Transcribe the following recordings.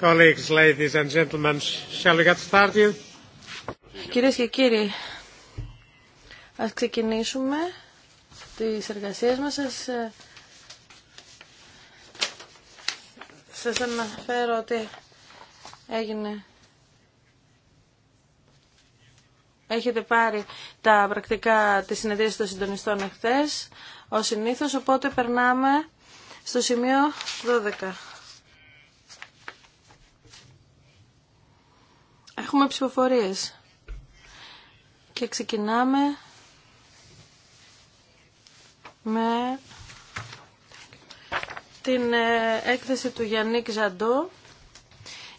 Colleagues, Κυρίες και κύριοι, ας ξεκινήσουμε τις εργασίες μας. Ε, σας, αναφέρω ότι έγινε... Έχετε πάρει τα πρακτικά της συνεδρίας των συντονιστών εχθές, ως συνήθως, οπότε περνάμε στο σημείο 12. Έχουμε ψηφοφορίε. Και ξεκινάμε με την ε, έκθεση του Γιάννη Ζαντό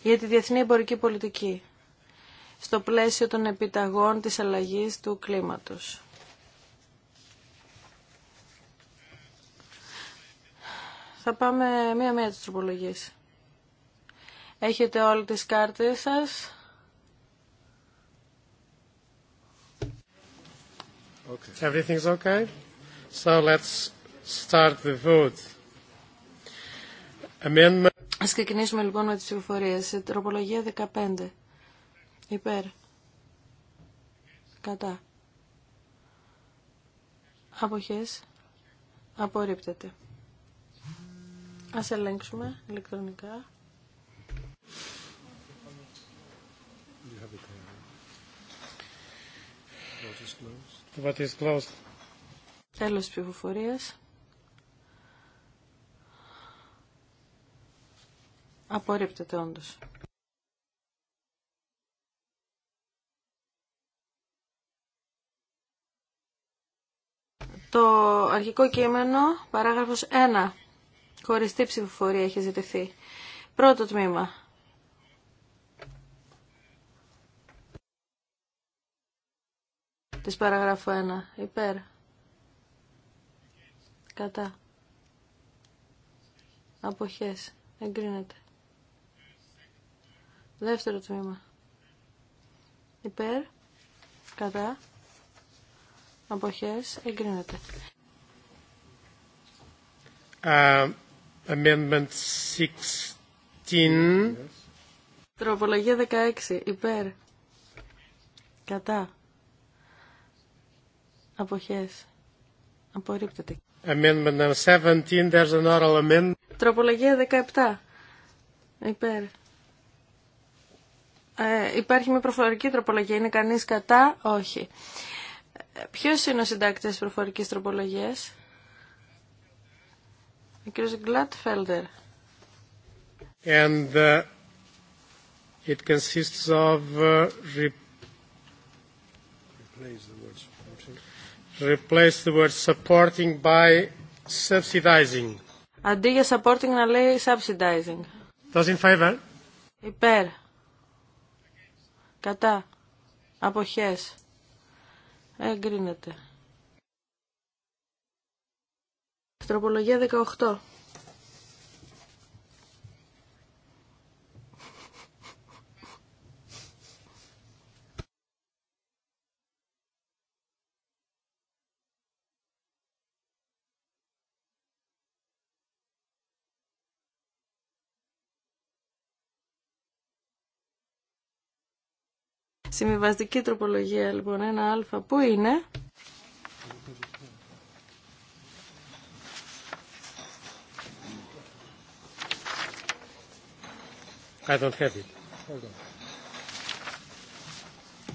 για τη διεθνή εμπορική πολιτική στο πλαίσιο των επιταγών της αλλαγής του κλίματος. Θα πάμε μία-μία της τροπολογίες. Έχετε όλες τις κάρτες σας. Okay. Everything's okay? So let's start the vote. Amendment... Ας ξεκινήσουμε λοιπόν με τις ψηφοφορίες. Τροπολογία 15. Υπέρ. Κατά. Αποχές. Απορρίπτεται. Ας ελέγξουμε ηλεκτρονικά. You Τέλο vote ψηφοφορίας. Απορρίπτεται όντως. Το αρχικό κείμενο, παράγραφος 1, χωριστή ψηφοφορία έχει ζητηθεί. Πρώτο τμήμα. της παραγράφου 1. Υπέρ. Κατά. Αποχές. Εγκρίνεται. Δεύτερο τμήμα. Υπέρ. Κατά. Αποχές. Εγκρίνεται. amendment 16. Τροπολογία 16. Υπέρ. Κατά. Αποχές. Απορρίπτεται. Amendment 17, there's an oral amendment. Τροπολογία 17. Υπέρ. Ε, υπάρχει μια προφορική τροπολογία. Είναι κανείς κατά? Όχι. Ε, ποιος είναι ο συντάκτης της προφορικής τροπολογίας? Ο κύριος Γκλάτφελντερ. And uh, it consists of uh, replace Replace the word supporting by subsidizing. Αντί για supporting να λέει subsidizing. Those in favor. Υπέρ. Κατά. Αποχές. Εγκρίνεται. Τροπολογία 18. Συμβιβαστική τροπολογία λοιπόν, ένα α, πού είναι. I don't have it. Hold on.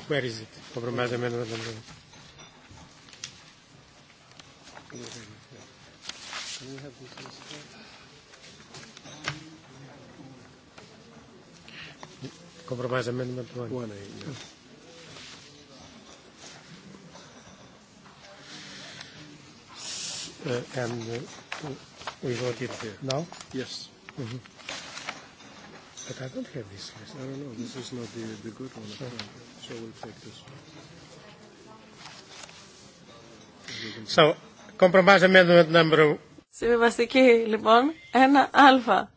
Where is it? Compromise amendment number Can have this Compromise amendment one. and we vote it now? Yes. But I don't have this list. I don't know, This is not the, the good one. So we'll take this one. So, compromise amendment number... Συμβιβαστική, λοιπόν, ένα α.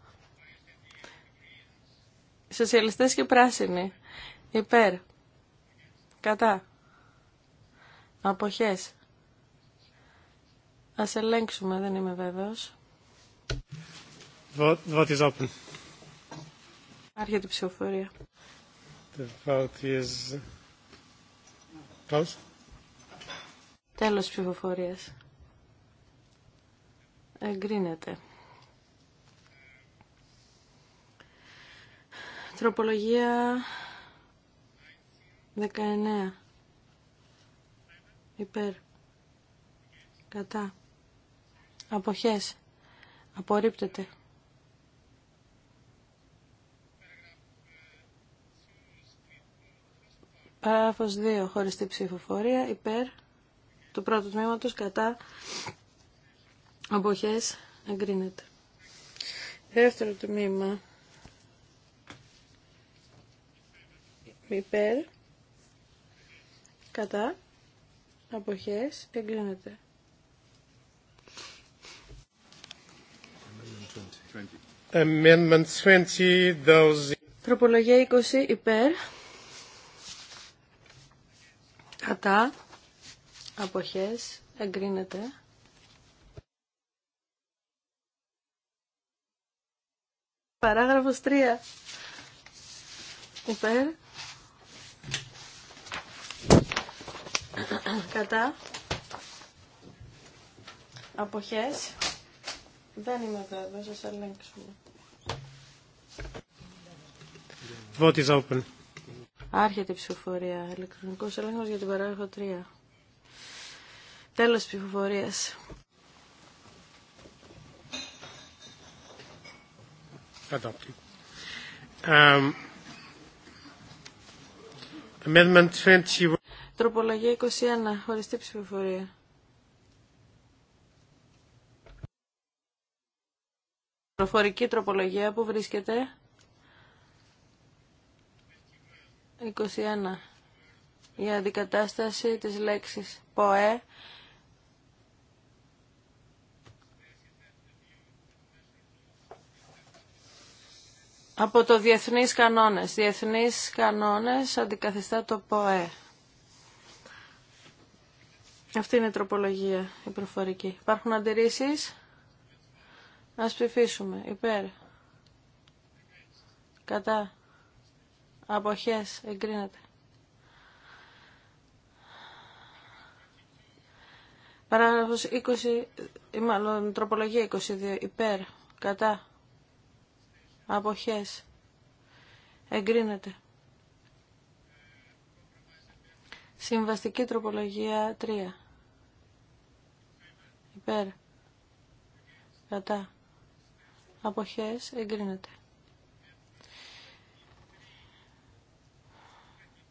Σοσιαλιστές και πράσινοι. Υπέρ. Κατά. Αποχές. Ας ελέγξουμε, δεν είμαι βέβαιος. Άρχεται η ψηφοφορία. The vote is Τέλος ψηφοφορίας. Εγκρίνεται. Ανθρωπολογία 19. Υπέρ. Κατά. Αποχές. Απορρίπτεται. Παράγραφος 2. Χωριστή ψηφοφορία. Υπέρ. Του πρώτου τμήματος. Κατά. Αποχές. Εγκρίνεται. Δεύτερο τμήμα. υπέρ, κατά, αποχές, εγκλίνεται. Τροπολογία 20 υπέρ, κατά, αποχές, εγκρίνεται. Παράγραφος 3. Υπέρ, Κατά. Αποχές. Δεν είμαι δεν σας ελέγξουμε. Vote is open. Άρχεται η ψηφοφορία. Ηλεκτρονικός έλεγχος για την παράγραφο 3. Τέλος της ψηφοφορίας. Adopted. Um, amendment 21. Τροπολογία 21. Χωριστή ψηφοφορία. Προφορική τροπολογία που βρίσκεται. 21. Η αντικατάσταση της λέξης ΠΟΕ από το διεθνείς κανόνες. Διεθνείς κανόνες αντικαθιστά το ΠΟΕ. Αυτή είναι η τροπολογία, η προφορική. Υπάρχουν αντιρρήσεις. Ας ψηφίσουμε. Υπέρ. Κατά. Αποχές. Εγκρίνεται. Παράγραφος 20, ή μάλλον τροπολογία 22. Υπέρ. Κατά. Αποχές. Εγκρίνεται. Συμβαστική τροπολογία 3 υπέρ κατά αποχές εγκρίνεται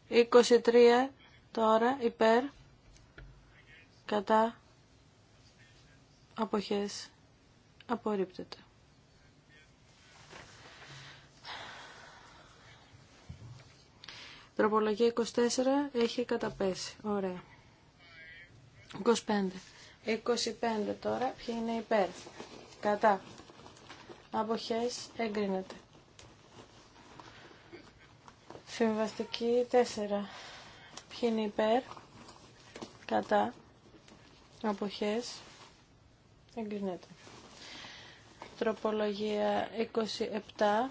23 τώρα υπέρ κατά αποχές απορρίπτεται Τροπολογία 24 έχει καταπέσει. Ωραία. 25. 25 τώρα. Ποιοι είναι υπέρ. Κατά. Αποχές εγκρίνεται. Συμβαστική 4. Ποιοι είναι υπέρ. Κατά. Αποχές εγκρίνεται. Τροπολογία 27.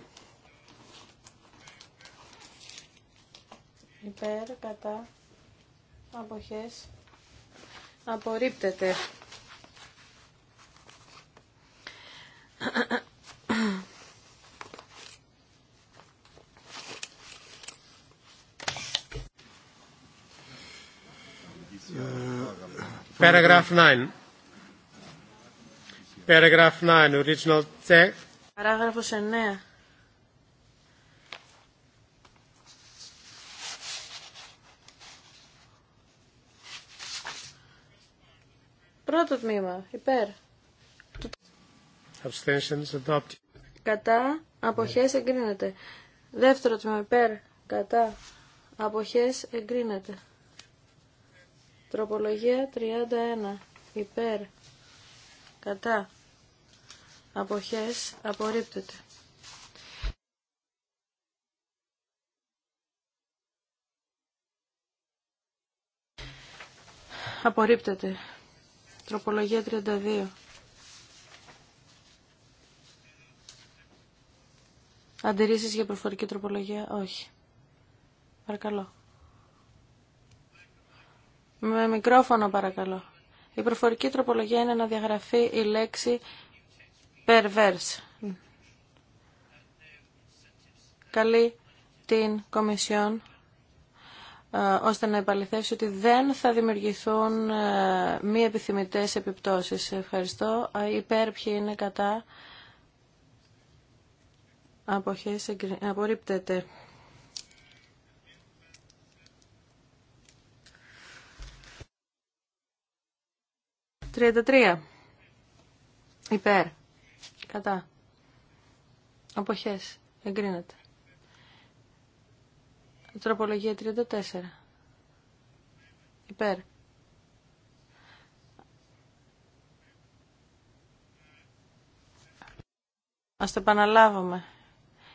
Υπέρ, κατά, αποχές, απορρίπτεται. Paragraph 9. Paragraph 9, original text. Παράγραφος 9. Πρώτο τμήμα. Υπέρ. Κατά. Αποχές εγκρίνεται. Δεύτερο τμήμα. Υπέρ. Κατά. Αποχές εγκρίνεται. Τροπολογία 31. Υπέρ. Κατά. Αποχές απορρίπτεται. Απορρίπτεται. Τροπολογία 32. Αντιρρήσεις για προφορική τροπολογία, όχι. Παρακαλώ. Με μικρόφωνο παρακαλώ. Η προφορική τροπολογία είναι να διαγραφεί η λέξη perverse. Καλή την Κομισιόν ε, ώστε να επαληθεύσει ότι δεν θα δημιουργηθούν ε, μη επιθυμητές επιπτώσεις. Ευχαριστώ. Υπέρ ποιοι είναι κατά αποχές απορρίπτεται. Τριάντα Υπέρ. Κατά. Αποχές. Εγκρίνεται. Τροπολογία 34. Υπέρ. Ας το επαναλάβουμε.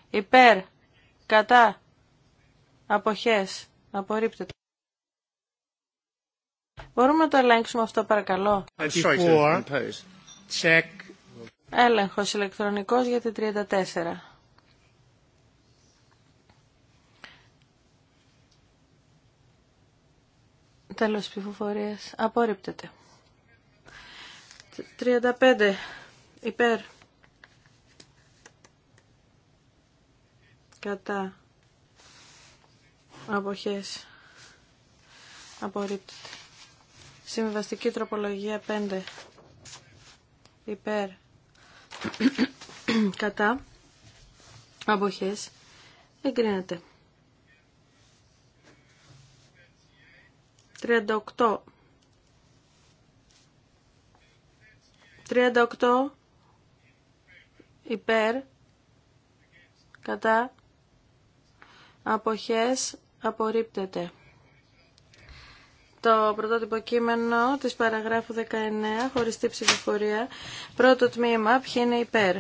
Υπέρ. Κατά. Αποχές. Απορρίπτεται. Μπορούμε να το ελέγξουμε αυτό παρακαλώ. Check. Έλεγχος ηλεκτρονικός για τη 34. Τέλος ψηφοφορίας. Απορρίπτεται. 35. Υπέρ. Κατά. Αποχές. Απορρίπτεται. Συμβαστική τροπολογία 5. Υπέρ. Κατά. Αποχές. Εγκρίνεται. 38. 38 υπέρ κατά αποχές απορρίπτεται. Το πρωτότυπο κείμενο της παραγράφου 19 χωριστή ψηφοφορία πρώτο τμήμα ποιο είναι υπέρ.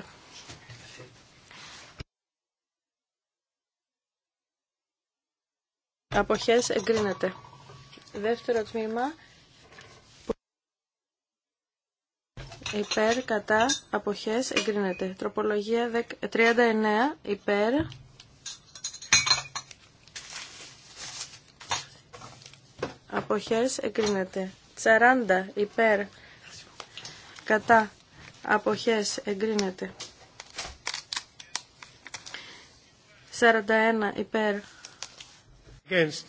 Αποχές εγκρίνεται. Δεύτερο τμήμα. Υπέρ, κατά, αποχές, εγκρίνεται. Τροπολογία 39, υπέρ. Αποχές, εγκρίνεται. 40, υπέρ, κατά, αποχές, εγκρίνεται. 41, υπέρ. Against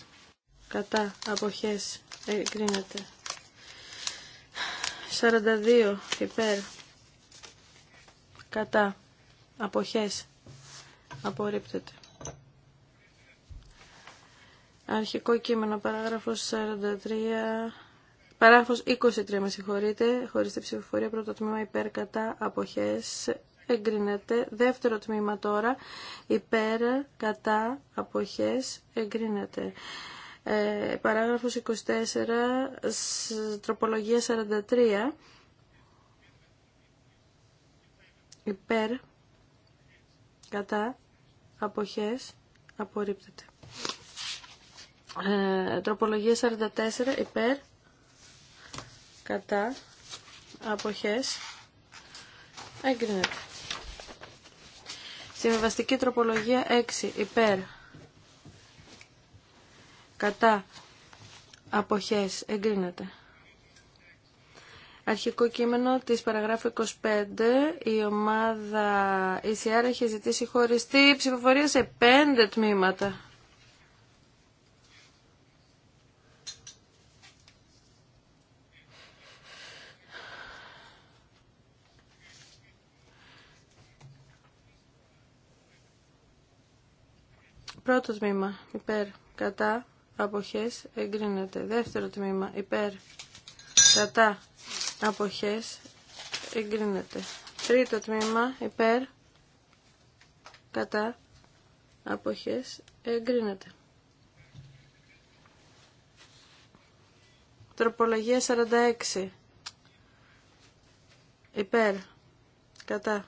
κατά αποχές εγκρίνεται 42 υπέρ κατά αποχές απορρίπτεται αρχικό κείμενο παράγραφος 43 Παράγραφος 23, με συγχωρείτε, χωρίς την ψηφοφορία, πρώτο τμήμα υπέρ κατά αποχές εγκρίνεται. Δεύτερο τμήμα τώρα, υπέρ κατά αποχές εγκρίνεται. Ε, παράγραφος 24, τροπολογία 43, υπέρ, κατά, αποχές, απορρίπτεται. Ε, τροπολογία 44, υπέρ, κατά, αποχές, εγκρίνεται. Συμβαστική τροπολογία 6, υπέρ, κατά αποχές εγκρίνεται. Αρχικό κείμενο της παραγράφου 25, η ομάδα ECR έχει ζητήσει χωριστή ψηφοφορία σε πέντε τμήματα. Πρώτο τμήμα, υπέρ, κατά, αποχές εγκρίνεται. Δεύτερο τμήμα υπέρ κατά αποχές εγκρίνεται. Τρίτο τμήμα υπέρ κατά αποχές εγκρίνεται. Τροπολογία 46 υπέρ κατά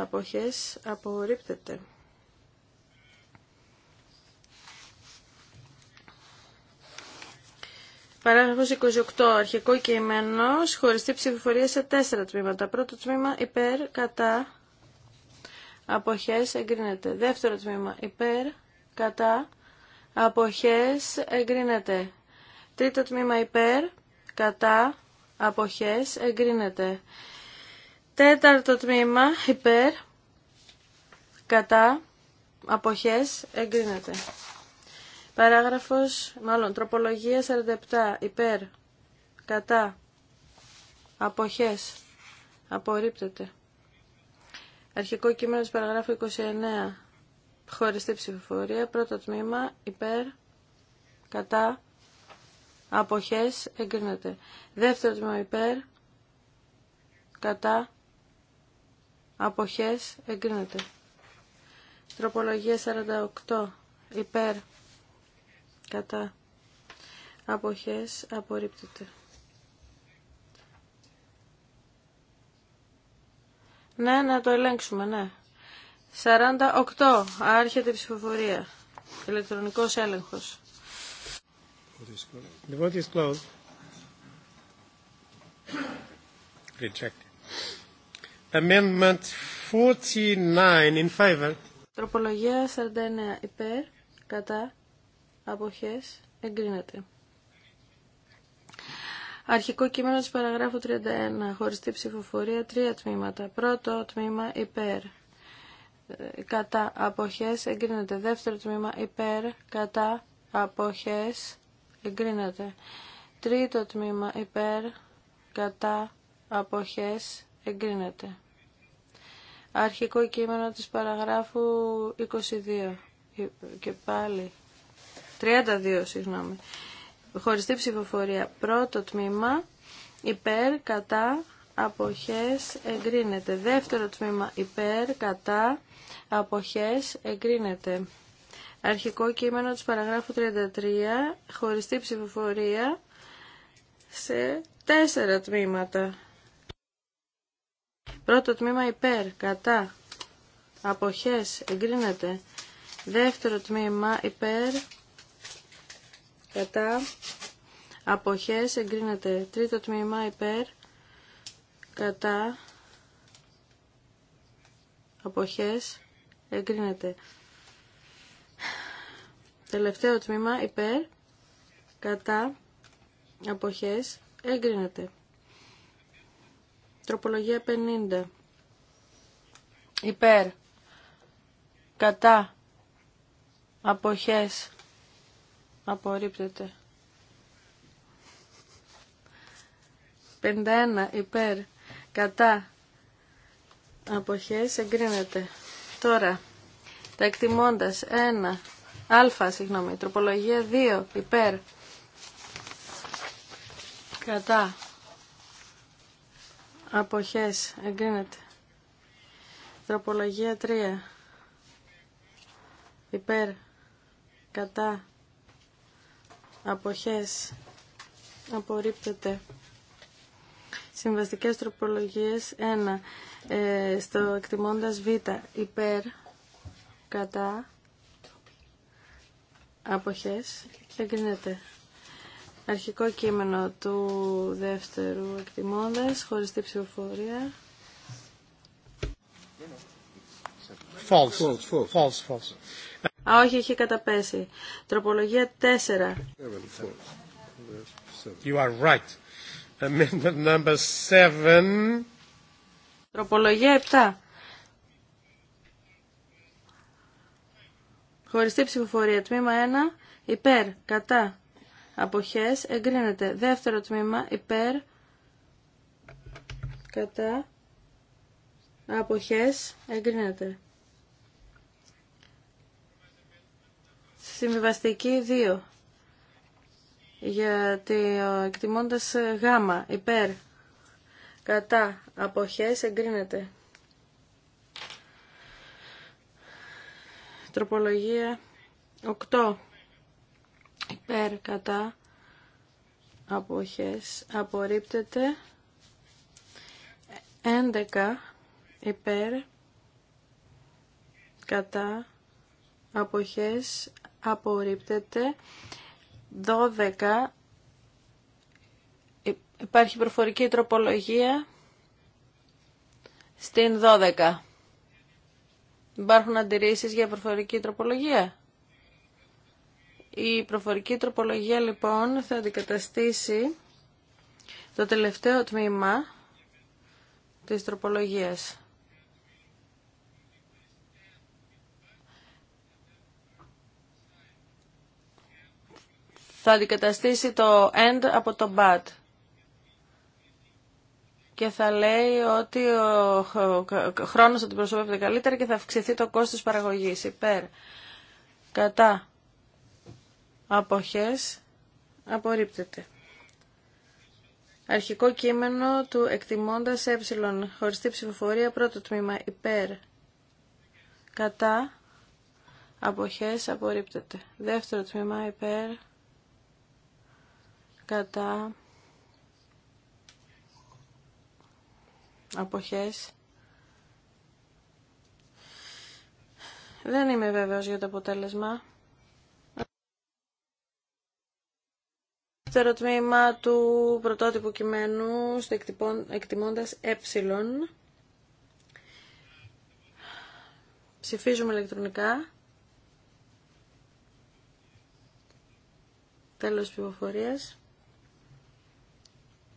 αποχές απορρίπτεται. Παράγραφος 28. Αρχικό κείμενο. Χωριστή ψηφοφορία σε τέσσερα τμήματα. Πρώτο τμήμα υπέρ, κατά, αποχές, εγκρίνεται. Δεύτερο τμήμα υπέρ, κατά, αποχές, εγκρίνεται. Τρίτο τμήμα υπέρ, κατά, αποχές, εγκρίνεται. Τέταρτο τμήμα υπέρ, κατά, αποχές, εγκρίνεται. Παράγραφος, μάλλον τροπολογία 47 υπέρ, κατά, αποχές, απορρίπτεται. Αρχικό κείμενο της παραγράφου 29, χωριστή ψηφοφορία, πρώτο τμήμα, υπέρ, κατά, αποχές, εγκρίνεται. Δεύτερο τμήμα υπέρ, κατά, αποχές, εγκρίνεται. Τροπολογία 48, υπέρ, κατά αποχές απορρίπτεται. Ναι, να το ελέγξουμε, ναι. 48. Άρχεται η ψηφοφορία. Ηλεκτρονικός έλεγχος. The vote is closed. Rejected. Amendment 49 in favor. Τροπολογία 49 υπέρ, κατά, αποχές εγκρίνεται. Αρχικό κείμενο της παραγράφου 31. Χωριστή ψηφοφορία. Τρία τμήματα. Πρώτο τμήμα υπέρ. Ε, κατά αποχές εγκρίνεται. Δεύτερο τμήμα υπέρ. Κατά αποχές εγκρίνεται. Τρίτο τμήμα υπέρ. Κατά αποχές εγκρίνεται. Αρχικό κείμενο της παραγράφου 22. Ε, και πάλι 32, συγγνώμη. Χωριστή ψηφοφορία. Πρώτο τμήμα υπέρ, κατά, αποχές, εγκρίνεται. Δεύτερο τμήμα υπέρ, κατά, αποχές, εγκρίνεται. Αρχικό κείμενο της παραγράφου 33, χωριστή ψηφοφορία σε τέσσερα τμήματα. Πρώτο τμήμα υπέρ, κατά, αποχές, εγκρίνεται. Δεύτερο τμήμα υπέρ, κατά αποχές εγκρίνεται τρίτο τμήμα υπέρ κατά αποχές εγκρίνεται τελευταίο τμήμα υπέρ κατά αποχές εγκρίνεται τροπολογία 50 υπέρ κατά αποχές απορρίπτεται. 51 υπέρ κατά αποχές εγκρίνεται. Τώρα, τα εκτιμώντας 1, α, συγγνώμη, τροπολογία 2 υπέρ κατά αποχές εγκρίνεται. Τροπολογία 3 υπέρ κατά αποχές απορρίπτεται. Συμβαστικές τροπολογίες 1. Ε, στο εκτιμώντας β υπέρ κατά αποχές εγκρίνεται. Αρχικό κείμενο του δεύτερου εκτιμώντας, χωριστή ψηφοφορία. False. False. False. False. false. Α, όχι, έχει καταπέσει. Τροπολογία 4. You are right. Amendment number 7. Τροπολογία 7. Χωριστή ψηφοφορία. Τμήμα 1. Υπέρ. Κατά. Αποχές. Εγκρίνεται. Δεύτερο τμήμα. Υπέρ. Κατά. Αποχές. Εγκρίνεται. Συμβιβαστική 2. Γιατί εκτιμώντα γάμα υπέρ κατά αποχές εγκρίνεται. Τροπολογία 8. Υπέρ κατά αποχές απορρίπτεται. 11 υπέρ κατά αποχές απορρίπτεται 12 υπάρχει προφορική τροπολογία στην 12 υπάρχουν αντιρρήσεις για προφορική τροπολογία η προφορική τροπολογία λοιπόν θα αντικαταστήσει το τελευταίο τμήμα της τροπολογίας θα αντικαταστήσει το end από το but και θα λέει ότι ο χρόνος προσωπεύεται καλύτερα και θα αυξηθεί το κόστος παραγωγής υπέρ κατά αποχές απορρίπτεται. Αρχικό κείμενο του εκτιμώντας ε χωριστή ψηφοφορία πρώτο τμήμα υπέρ κατά αποχές απορρίπτεται. Δεύτερο τμήμα υπέρ κατά αποχές. Δεν είμαι βέβαιος για το αποτέλεσμα. Δεύτερο τμήμα του πρωτότυπου κειμένου στο εκτιμώντας ε. Ψηφίζουμε ηλεκτρονικά. Τέλος πληροφορίας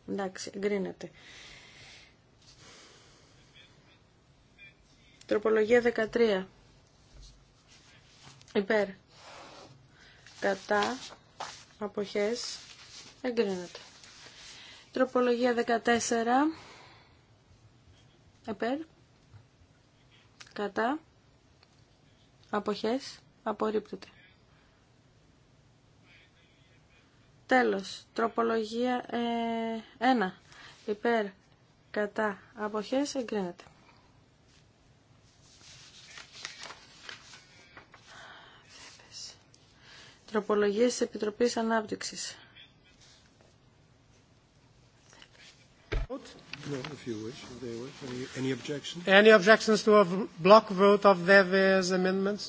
Εντάξει, εγκρίνεται. Τροπολογία 13. Υπέρ. Κατά. Αποχές. Εγκρίνεται. Τροπολογία 14. Υπέρ. Κατά. Αποχές. Απορρίπτεται. Τέλος. Τροπολογία 1. Υπέρ. Κατά. Αποχές. Εγκρίνεται. Τροπολογίες της Επιτροπής Ανάπτυξης. No, if you wish, if they Any, any objections? Any objections to a block vote of Deve's amendments?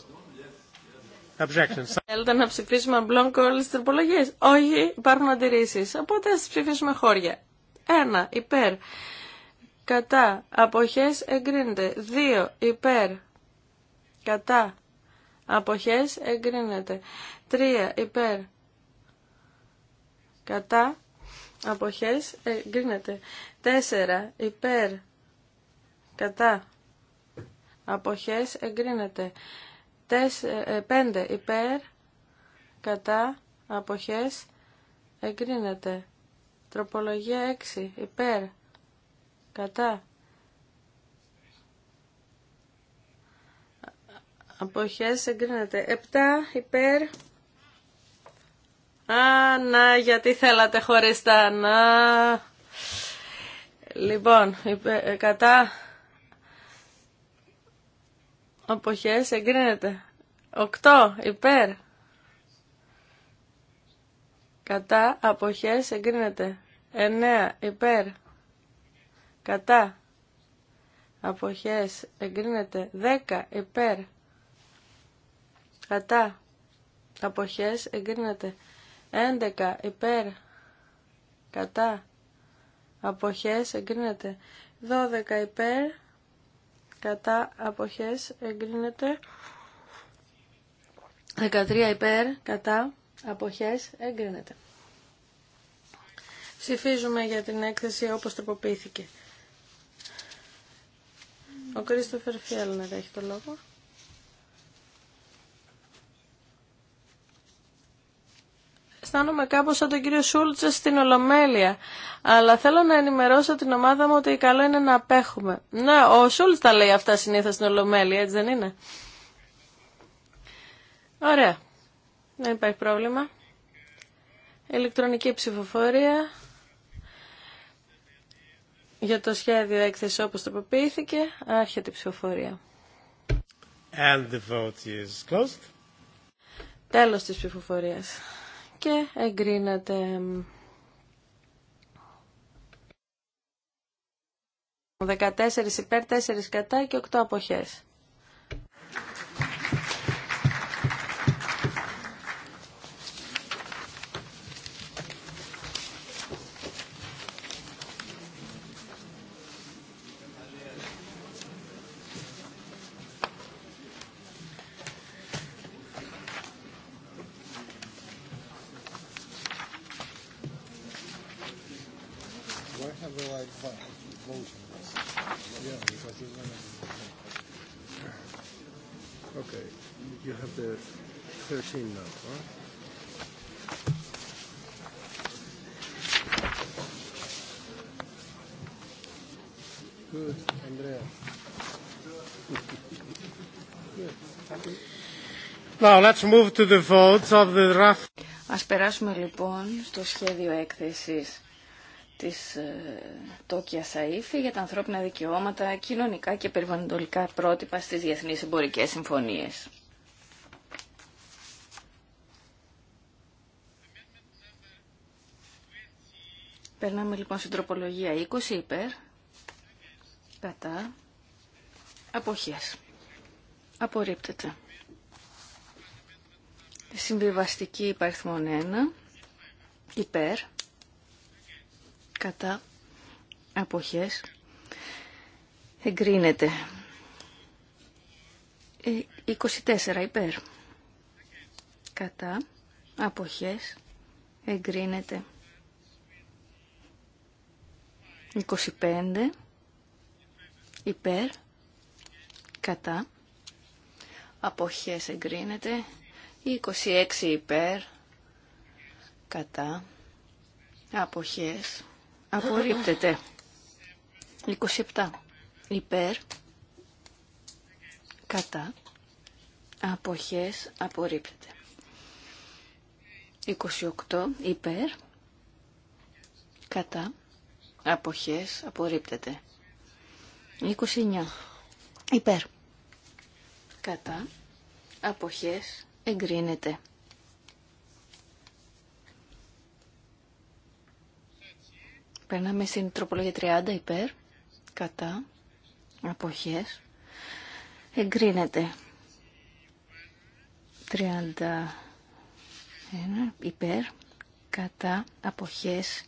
Θέλετε να ψηφίσουμε μπλόγκο όλε τι τροπολογίε. Όχι, υπάρχουν αντιρρήσει. Οπότε α ψηφίσουμε χώρια. 1. Υπέρ. Κατά. Αποχέ εγκρίνεται. 2. Υπέρ. Κατά. Αποχέ εγκρίνεται. 3. Υπέρ. Κατά. Αποχέ εγκρίνεται. 4. Υπέρ. Κατά. απόχέ, εγκρίνεται. Ε, ε, πέντε, υπέρ κατά αποχές εγκρίνεται. Τροπολογία έξι, υπέρ κατά αποχές εγκρίνεται. Έπτα, υπέρ Α, να, γιατί θέλατε χωριστά να. Λοιπόν, ε, κατά Αποχές εγκρίνεται. 8 υπέρ. Κατά αποχές εγκρίνεται. 9 υπέρ. Κατά αποχές εγκρίνεται. 10 υπέρ. Κατά αποχές εγκρίνεται. 11 υπέρ. Κατά αποχές εγκρίνεται. 12 υπέρ κατά αποχές εγκρίνεται 13 υπέρ κατά αποχές εγκρίνεται Ψηφίζουμε για την έκθεση όπως τροποποιήθηκε. Ο Κρίστοφερ Φιέλνερ έχει το λόγο. αισθάνομαι κάπω σαν τον κύριο Σούλτσα στην Ολομέλεια. Αλλά θέλω να ενημερώσω την ομάδα μου ότι καλό είναι να απέχουμε. Ναι, ο Σούλτσα τα λέει αυτά συνήθω στην Ολομέλεια, έτσι δεν είναι. Ωραία. Δεν υπάρχει πρόβλημα. Ηλεκτρονική ψηφοφορία για το σχέδιο έκθεση όπως τοποποιήθηκε. Άρχεται η ψηφοφορία. And the vote is closed. Τέλος της ψηφοφορίας και εγκρίνεται 14 υπέρ, 4 κατά και 8 αποχές. Now let's move to the of the Ας περάσουμε λοιπόν στο σχέδιο έκθεσης της ε, Τόκια Σαΐφη για τα ανθρώπινα δικαιώματα, κοινωνικά και περιβαλλοντολικά πρότυπα στις διεθνείς εμπορικές συμφωνίες. Περνάμε λοιπόν στην τροπολογία 20 υπέρ, κατά, αποχές. Απορρίπτεται. Συμβιβαστική υπαριθμόν 1. Υπέρ. Κατά. Αποχές. Εγκρίνεται. 24 ε, υπέρ. Κατά. Αποχές. Εγκρίνεται. 25 υπέρ. Κατά. Αποχές εγκρίνεται. 26 υπέρ, κατά, αποχές, απορρίπτεται. 27 υπέρ, κατά, αποχές, απορρίπτεται. 28 υπέρ, κατά, αποχές, απορρίπτεται. 29 υπέρ, κατά, αποχές, εγκρίνεται. Περνάμε στην τροπολογία 30 υπέρ, κατά, αποχές, εγκρίνεται. 31 υπέρ, κατά, αποχές,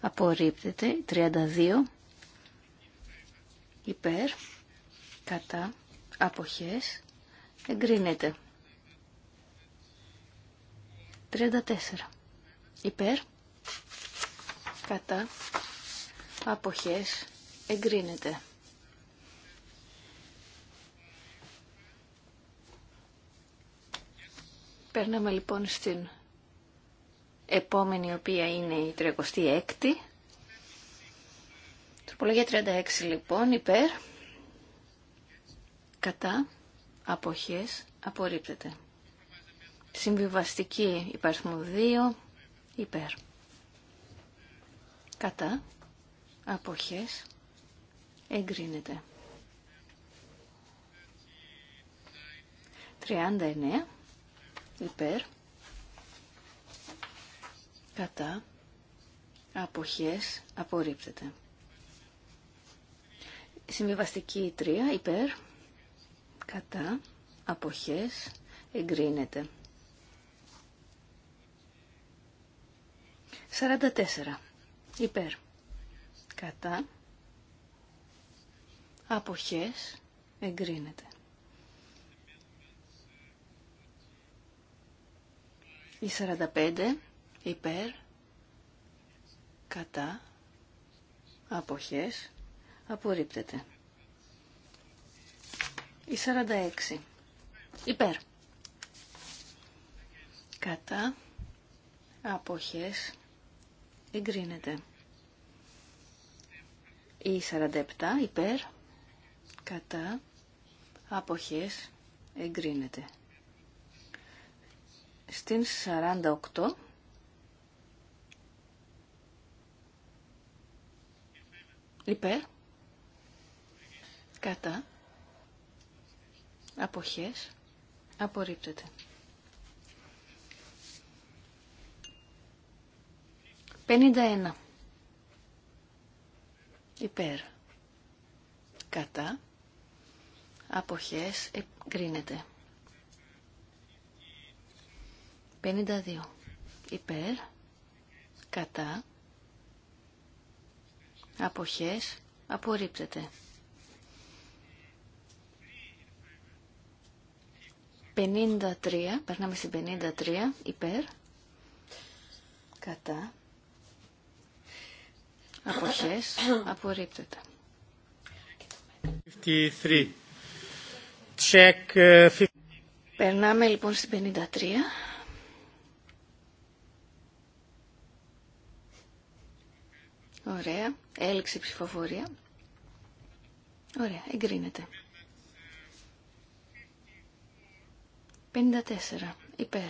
απορρίπτεται. 32 υπέρ, κατά, αποχές, εγκρίνεται. 34. Υπέρ. Κατά. Αποχές. Εγκρίνεται. Παίρναμε λοιπόν στην επόμενη, η οποία είναι η 36η. Τροπολογία 36 λοιπόν, υπέρ, κατά, αποχές, απορρίπτεται. Συμβιβαστική υπαριθμό 2 υπέρ. Κατά. Αποχές. Εγκρίνεται. 39 υπέρ. Κατά. Αποχές. Απορρίπτεται. Συμβιβαστική 3 υπέρ. Κατά. Αποχές. Εγκρίνεται. 44. Υπέρ. Κατά. Αποχές. Εγκρίνεται. Η 45. Υπέρ. Κατά. Αποχές. Απορρίπτεται. Η 46. Υπέρ. Κατά. Αποχές εγκρίνεται. Η 47 υπέρ κατά αποχές εγκρίνεται. Στην 48 υπέρ κατά αποχές απορρίπτεται. 51. Υπέρ. Κατά. Αποχές εγκρίνεται. 52. Υπέρ. Κατά. Αποχές απορρίπτεται. 53, περνάμε στην 53, υπέρ, κατά, Αποχές. Απορρίπτεται. Uh, Περνάμε λοιπόν στην 53. Ωραία. Έλξη ψηφοφορία. Ωραία. Εγκρίνεται. 54. Υπέρ.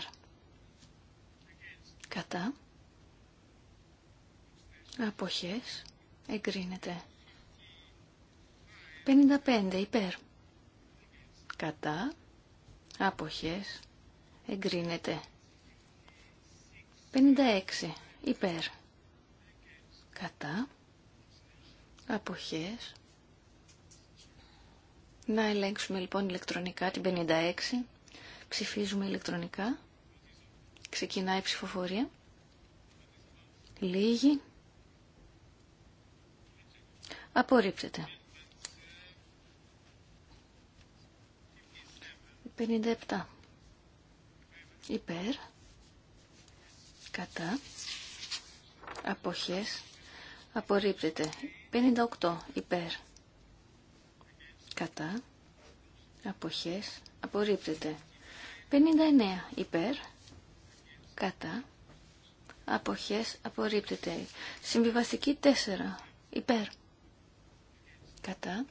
Κατά. Αποχές. Εγκρίνεται. 55 υπέρ. Κατά. Αποχές. Εγκρίνεται. 56 υπέρ. Κατά. Αποχές. Να ελέγξουμε λοιπόν ηλεκτρονικά την 56. Ψηφίζουμε ηλεκτρονικά. Ξεκινάει η ψηφοφορία. Λίγη. Απορρίπτεται. 57. Υπέρ. Κατά. Αποχές. Απορρίπτεται. 58. Υπέρ. Κατά. Αποχές. Απορρίπτεται. 59. Υπέρ. Κατά. Αποχές. Απορρίπτεται. Συμβιβαστική 4. Υπέρ κατά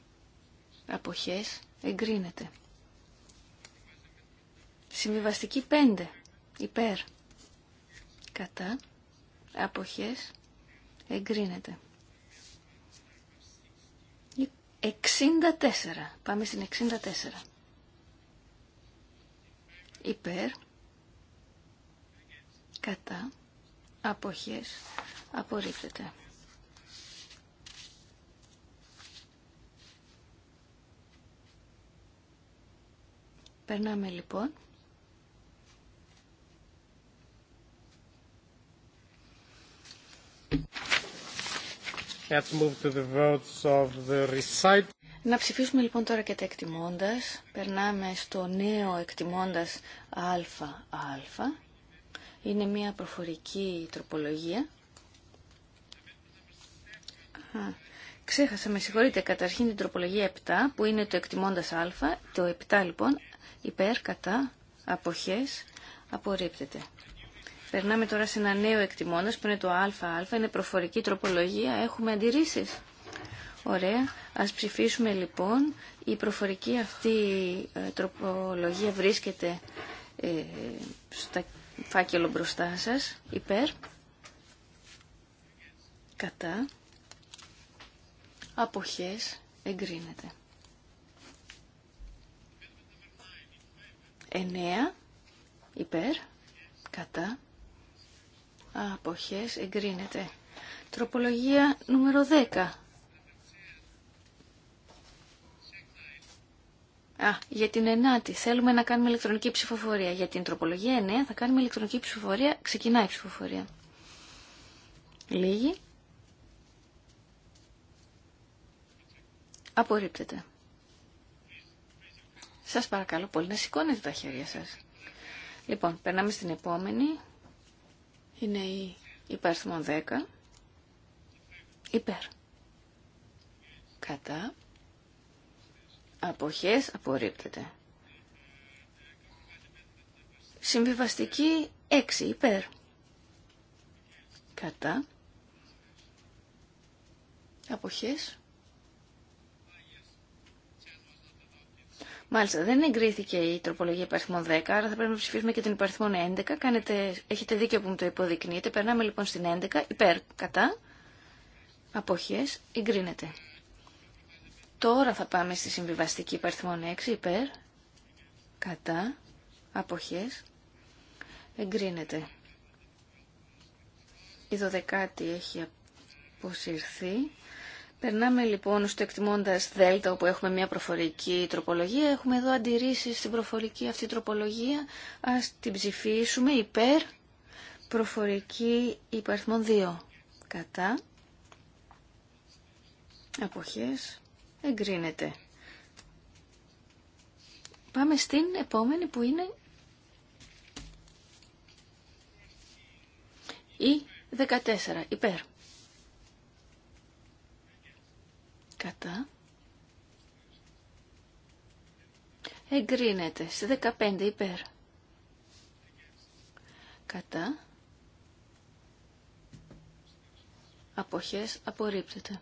αποχές εγκρίνεται. Συμβιβαστική 5 υπέρ κατά αποχές εγκρίνεται. 64. Πάμε στην 64. Υπέρ, κατά, αποχές, απορρίπτεται. Περνάμε λοιπόν. Let's move to the of the recite. Να ψηφίσουμε λοιπόν τώρα και τα εκτιμώντας. Περνάμε στο νέο εκτιμώντας ΑΑ. Είναι μια προφορική τροπολογία. Α, ξέχασα, με συγχωρείτε, καταρχήν την τροπολογία 7 που είναι το εκτιμώντας α. Το 7 λοιπόν υπέρ, κατά, αποχές, απορρίπτεται. Περνάμε τώρα σε ένα νέο εκτιμώντας που είναι το ΑΑ, είναι προφορική τροπολογία, έχουμε αντιρρήσεις. Ωραία, ας ψηφίσουμε λοιπόν, η προφορική αυτή ε, τροπολογία βρίσκεται ε, στα φάκελο μπροστά σας, υπέρ, κατά, αποχές, εγκρίνεται. 9 υπέρ, κατά, αποχές εγκρίνεται. Τροπολογία νούμερο 10. Α, για την ενάτη. Θέλουμε να κάνουμε ηλεκτρονική ψηφοφορία. Για την τροπολογία 9 θα κάνουμε ηλεκτρονική ψηφοφορία. Ξεκινάει η ψηφοφορία. Λίγη. Απορρίπτεται. Σας παρακαλώ πολύ να σηκώνετε τα χέρια σας. Λοιπόν, περνάμε στην επόμενη. Είναι η υπαριθμό 10. Υπέρ. Κατά. Αποχές απορρίπτεται. Συμβιβαστική 6. Υπέρ. Κατά. Αποχές Μάλιστα, δεν εγκρίθηκε η τροπολογία υπαριθμών 10, άρα θα πρέπει να ψηφίσουμε και την υπαριθμών 11. Κάνετε, έχετε δίκιο που μου το υποδεικνύετε. Περνάμε λοιπόν στην 11, υπέρ, κατά, αποχές, εγκρίνεται. Τώρα θα πάμε στη συμβιβαστική υπαριθμών 6, υπέρ, κατά, αποχές, εγκρίνεται. Η 12η έχει αποσυρθεί. Περνάμε λοιπόν στο εκτιμώντα δέλτα, όπου έχουμε μια προφορική τροπολογία. Έχουμε εδώ αντιρρήσει στην προφορική αυτή τροπολογία. Α την ψηφίσουμε υπέρ προφορική υπαριθμών 2. Κατά. Αποχές. Εγκρίνεται. Πάμε στην επόμενη που είναι η 14. Υπέρ. Κατά. Εγκρίνεται. Σε 15 υπέρ. Κατά. Αποχές απορρίπτεται.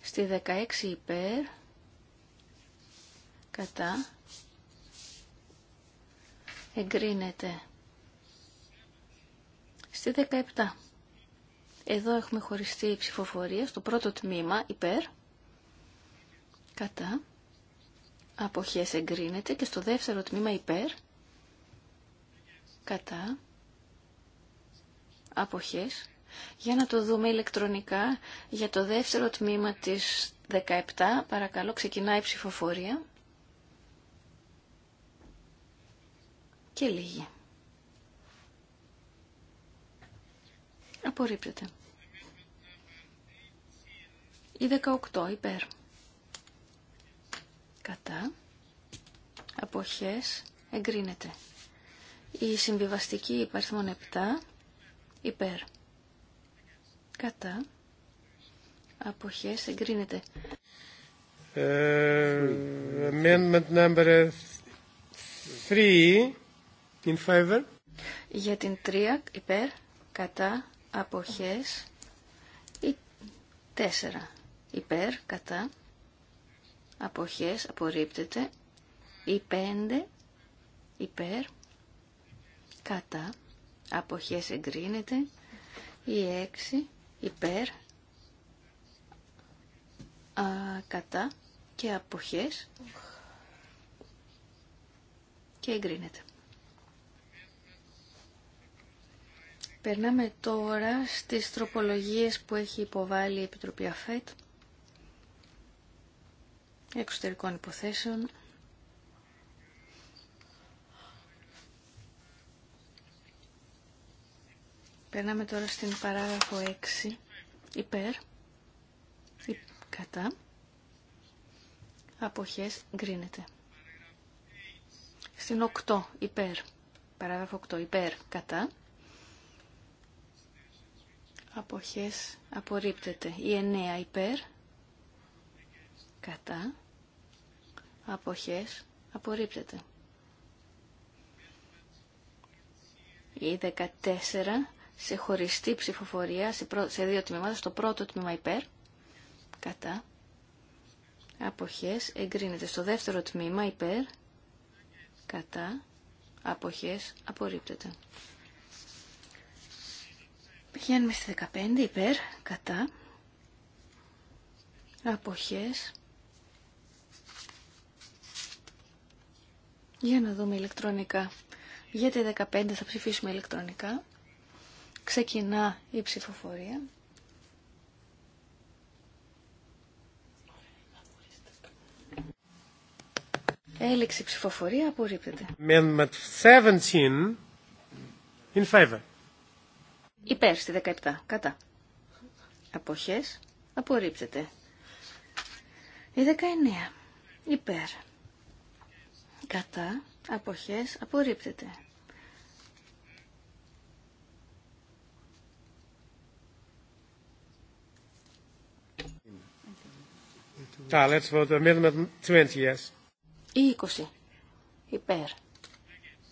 Στη 16 υπέρ. Κατά. Εγκρίνεται. Στη 17 εδώ έχουμε χωριστεί ψηφοφορία στο πρώτο τμήμα υπέρ, κατά, αποχές εγκρίνεται και στο δεύτερο τμήμα υπέρ, κατά, αποχές. Για να το δούμε ηλεκτρονικά για το δεύτερο τμήμα της 17, παρακαλώ ξεκινάει η ψηφοφορία και λίγη. Απορρίπτεται. Η 18 υπέρ. Κατά. Αποχές εγκρίνεται. Η συμβιβαστική υπαριθμών 7 υπέρ. Κατά. Αποχές εγκρίνεται. Uh, amendment number 3 in Για την 3 υπέρ. Κατά αποχές ή 4 υπέρ κατά αποχές απορρίπτεται ή πέντε υπέρ κατά αποχές εγκρίνεται ή έξι υπέρ α, κατά και αποχές και εγκρίνεται. Περνάμε τώρα στις τροπολογίες που έχει υποβάλει η Επιτροπή ΑΦΕΤ εξωτερικών υποθέσεων. Περνάμε τώρα στην παράγραφο 6, υπέρ, κατά, αποχές, γκρίνεται. Στην 8, υπέρ, παράγραφο 8, υπέρ, κατά, αποχές απορρίπτεται. Η 9 υπέρ, κατά, αποχές απορρίπτεται. Η 14 σε χωριστή ψηφοφορία σε δύο τμήματα, στο πρώτο τμήμα υπέρ, κατά, αποχές εγκρίνεται. Στο δεύτερο τμήμα υπέρ, κατά, αποχές απορρίπτεται. Πηγαίνουμε στη 15 υπέρ, κατά, αποχές. Για να δούμε ηλεκτρονικά. Για τη 15 θα ψηφίσουμε ηλεκτρονικά. Ξεκινά η ψηφοφορία. Έλεξη ψηφοφορία απορρίπτεται. Amendment 17 in favor. Υπέρ στη 17. Κατά. Αποχές. Απορρίπτεται. Η 19. Υπέρ. Κατά. Αποχές. Απορρίπτεται. let's vote 20, yes. Ή 20. Υπέρ.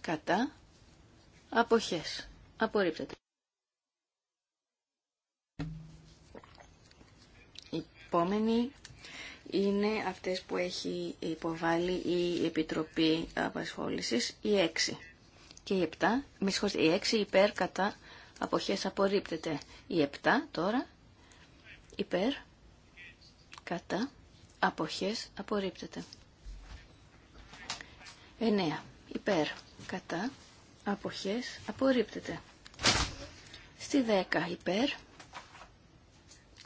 Κατά. Αποχές. Απορρίπτεται. επόμενη είναι αυτές που έχει υποβάλει η Επιτροπή Απασχόλησης, η 6 και η 7, με συγχωρείτε, η 6 υπέρ κατά αποχές απορρίπτεται. Η 7 τώρα υπέρ κατά αποχές απορρίπτεται. 9 υπέρ κατά αποχές απορρίπτεται. Στη 10 υπέρ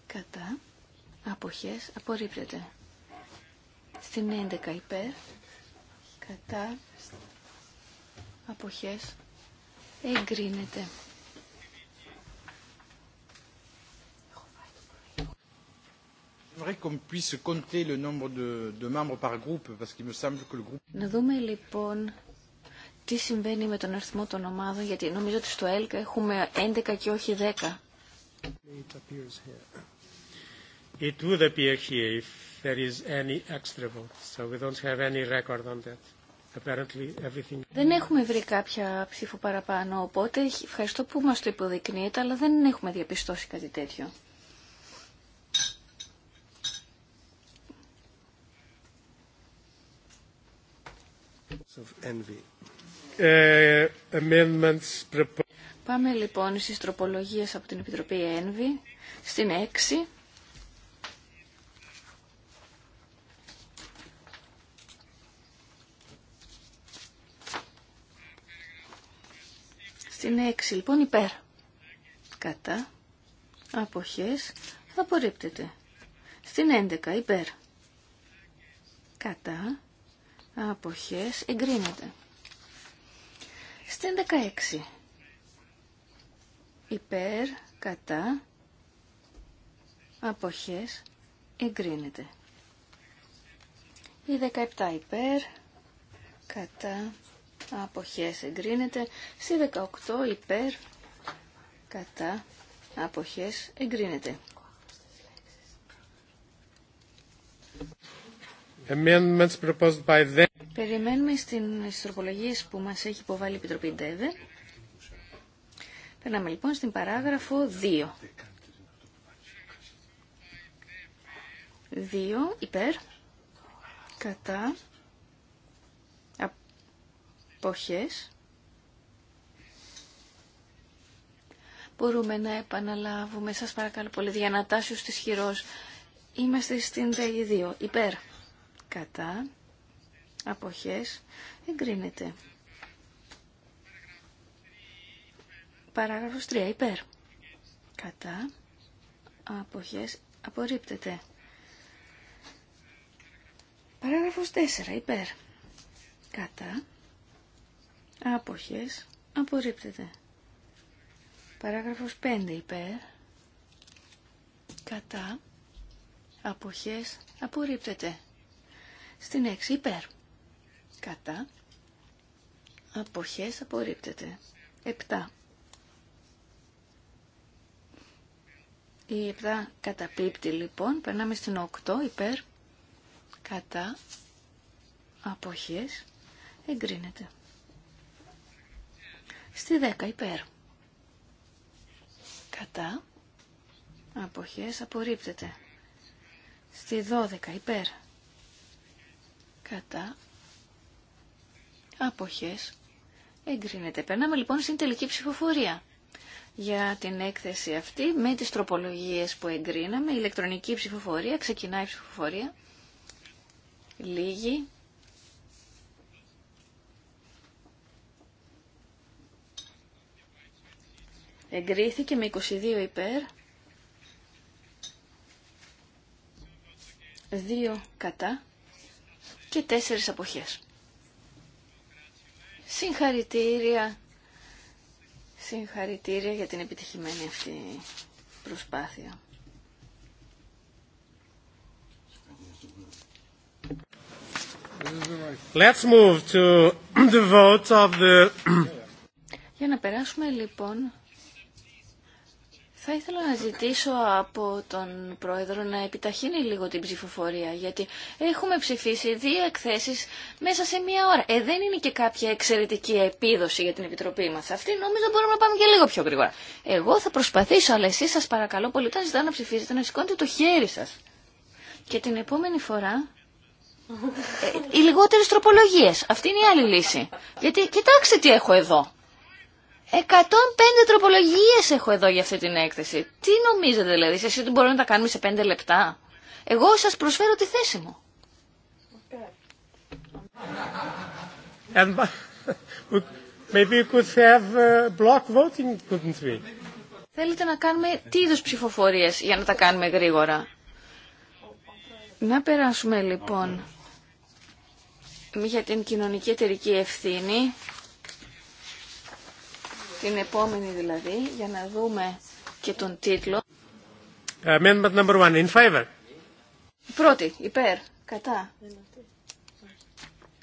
κατά αποχές απορρίπτεται. Στην 11 υπέρ, κατά, αποχές εγκρίνεται. Να δούμε λοιπόν τι συμβαίνει με τον αριθμό των ομάδων, γιατί νομίζω ότι στο ΕΛΚΑ έχουμε 11 και όχι 10. It would appear here if there is any extra vote, so we don't have any record on that. Apparently everything... Δεν έχουμε βρει κάποια ψήφο παραπάνω, οπότε ευχαριστώ που μας το υποδεικνύετε, αλλά δεν έχουμε διαπιστώσει κάτι τέτοιο. Of envy. Uh, amendments... Πάμε λοιπόν στις τροπολογίες από την Επιτροπή ΕΝΒΗ, στην 6 Στην 6 λοιπόν υπέρ. Κατά. Αποχές. Απορρίπτεται. Στην 11 υπέρ. Κατά. Αποχές. Εγκρίνεται. Στην 16. Υπέρ. Κατά. Αποχές. Εγκρίνεται. Η 17 υπέρ. Κατά αποχές εγκρίνεται. Στη 18 υπέρ κατά αποχές εγκρίνεται. Περιμένουμε στις τροπολογίες που μας έχει υποβάλει η Επιτροπή ΔΕΔΕ. Περνάμε λοιπόν στην παράγραφο 2. 2 υπέρ κατά αποχές μπορούμε να επαναλάβουμε σας παρακαλώ πολύ διανατάσιο στις χειρός είμαστε στην ΔΕΗ 2 υπέρ κατά αποχές εγκρίνεται παράγραφος 3 υπέρ κατά αποχές απορρίπτεται παράγραφος 4 υπέρ κατά Άποχες. Απορρίπτεται. Παράγραφος 5 υπέρ. Κατά. Αποχές. Απορρίπτεται. Στην 6 υπέρ. Κατά. Αποχές. Απορρίπτεται. 7. Η 7 καταπίπτει λοιπόν. Περνάμε στην 8 υπέρ. Κατά. Αποχές. Εγκρίνεται. Στη 10 υπέρ. Κατά. Αποχές απορρίπτεται. Στη 12 υπέρ. Κατά. Αποχές εγκρίνεται. Περνάμε λοιπόν στην τελική ψηφοφορία. Για την έκθεση αυτή με τις τροπολογίες που εγκρίναμε, ηλεκτρονική ψηφοφορία, ξεκινάει η ψηφοφορία. Λίγη. Εγκρίθηκε με 22 υπέρ, 2 κατά και 4 αποχές. Συγχαρητήρια, συγχαρητήρια για την επιτυχημένη αυτή προσπάθεια. Let's move to the vote of the... Για να περάσουμε λοιπόν θα ήθελα να ζητήσω από τον Πρόεδρο να επιταχύνει λίγο την ψηφοφορία, γιατί έχουμε ψηφίσει δύο εκθέσεις μέσα σε μία ώρα. Ε, δεν είναι και κάποια εξαιρετική επίδοση για την Επιτροπή μας αυτή. Νομίζω μπορούμε να πάμε και λίγο πιο γρήγορα. Εγώ θα προσπαθήσω, αλλά εσείς σας παρακαλώ πολύ, όταν ζητάω να ψηφίζετε, να σηκώνετε το χέρι σας. Και την επόμενη φορά ε, οι λιγότερες τροπολογίες. Αυτή είναι η άλλη λύση. Γιατί κοιτάξτε τι έχω εδώ πέντε τροπολογίες έχω εδώ για αυτή την έκθεση. Τι νομίζετε δηλαδή, εσύ ότι μπορούμε να τα κάνουμε σε 5 λεπτά. Εγώ σας προσφέρω τη θέση μου. Θέλετε να κάνουμε τι είδου ψηφοφορίε για να τα κάνουμε γρήγορα. Να περάσουμε λοιπόν για την κοινωνική εταιρική ευθύνη την επόμενη δηλαδή, για να δούμε και τον τίτλο. Amendment number one, in favor. Πρώτη, υπέρ, κατά.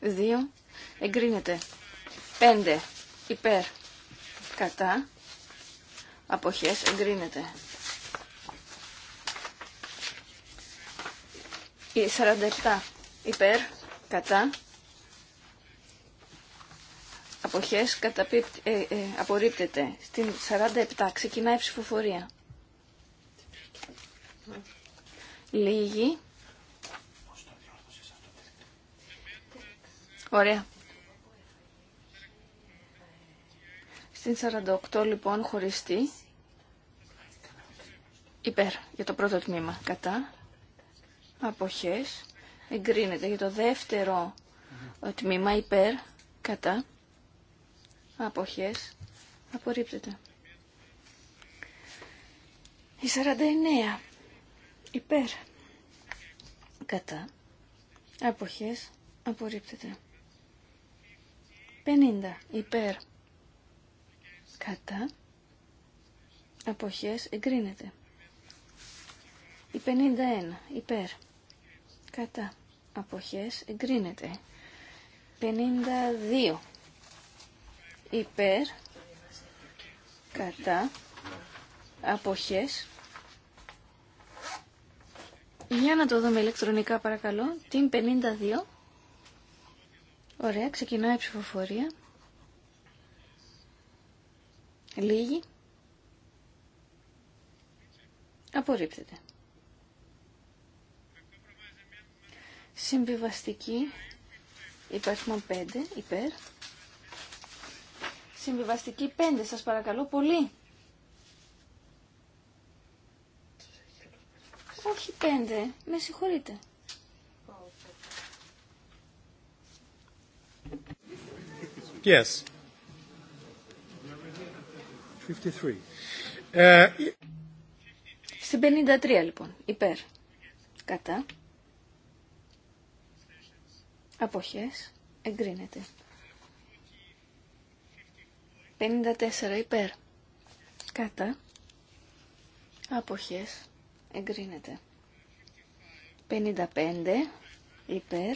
Δύο, εγκρίνεται. Πέντε, υπέρ, κατά. Αποχές, εγκρίνεται. Η 47, υπέρ, κατά αποχές καταπίπ... Ε, ε, απορρίπτεται. Στην 47 ξεκινάει η ψηφοφορία. Λίγη. Ωραία. Στην 48 λοιπόν χωριστή. Υπέρ για το πρώτο τμήμα. Κατά. Αποχές. Εγκρίνεται για το δεύτερο τμήμα υπέρ. Κατά αποχές απορρίπτεται. Η 49 υπέρ κατά αποχές απορρίπτεται. 50 υπέρ κατά αποχές εγκρίνεται. Η 51 υπέρ κατά αποχές εγκρίνεται. 52 υπέρ κατά αποχές για να το δούμε ηλεκτρονικά παρακαλώ την 52 ωραία ξεκινάει η ψηφοφορία λίγη απορρίπτεται συμβιβαστική υπάρχουν 5 υπέρ Συμβιβαστική 5, σας παρακαλώ πολύ. Όχι 5, με συγχωρείτε. Yes. 53. Ε, στην 53 λοιπόν, υπέρ. Κατά. Αποχές. Εγκρίνεται. 54 υπέρ. Κατά. Αποχές. Εγκρίνεται. 55 υπέρ.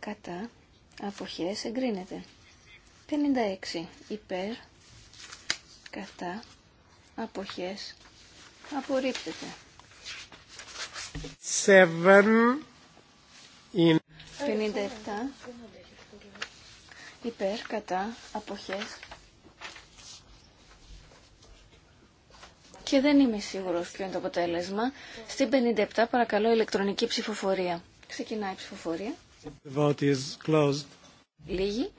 Κατά. Αποχές. Εγκρίνεται. 56 υπέρ. Κατά. Αποχές. Απορρίπτεται. 7 57 υπέρ, κατά, αποχές. Και δεν είμαι σίγουρος ποιο είναι το αποτέλεσμα. Στην 57 παρακαλώ ηλεκτρονική ψηφοφορία. Ξεκινάει η ψηφοφορία. The vote is closed. Λίγη.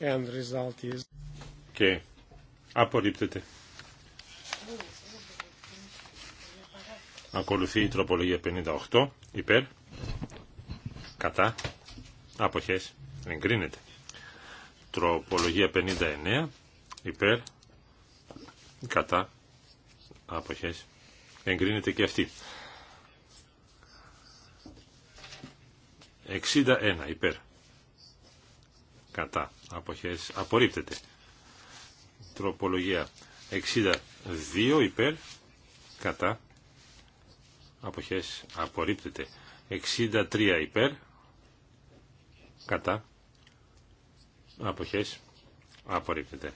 And result is... Και απορρίπτεται. Ακολουθεί η τροπολογία 58, υπέρ, κατά, αποχές, εγκρίνεται. Τροπολογία 59 υπέρ κατά αποχές εγκρίνεται και αυτή. 61 υπέρ κατά αποχές απορρίπτεται. Τροπολογία 62 υπέρ κατά αποχές απορρίπτεται. 63 υπέρ κατά Αποχές. Απορρίπτεται.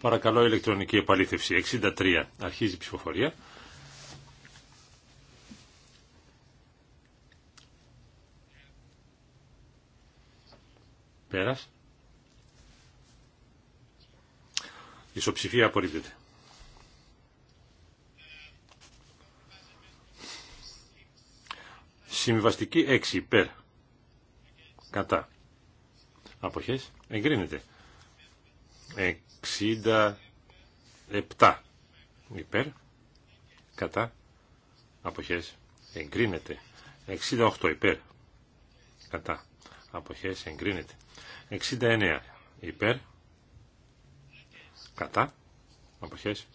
Παρακαλώ ηλεκτρονική επαλήθευση. 63. Αρχίζει η ψηφοφορία. Πέρας. Ισοψηφία απορρίπτεται. Συμβαστική 6 υπέρ. Κατά αποχές εγκρίνεται 67 υπέρ κατά αποχές εγκρίνεται 68 υπέρ κατά αποχές εγκρίνεται 69 υπέρ κατά αποχές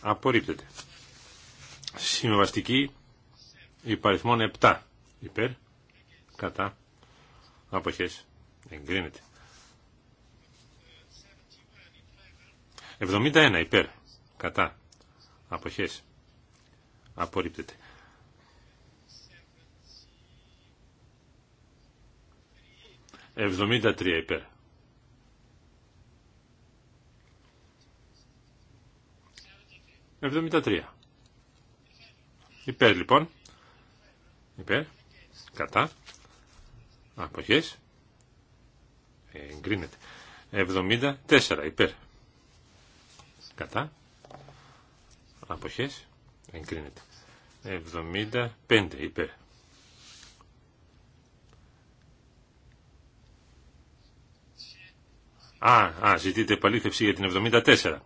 απορρίπτεται συμβαστική υπαριθμών 7 υπέρ κατά αποχές Εγκρίνεται. 71 υπέρ. Κατά. Αποχές. Απορρίπτεται. τρία υπέρ. Εβδομήντα τρία. Υπέρ λοιπόν. Υπέρ. Κατά. Αποχές εγκρίνεται. 74 υπέρ. Κατά. Αποχές. Εγκρίνεται. 75 υπέρ. Α, α, ζητείτε επαλήθευση για την 74.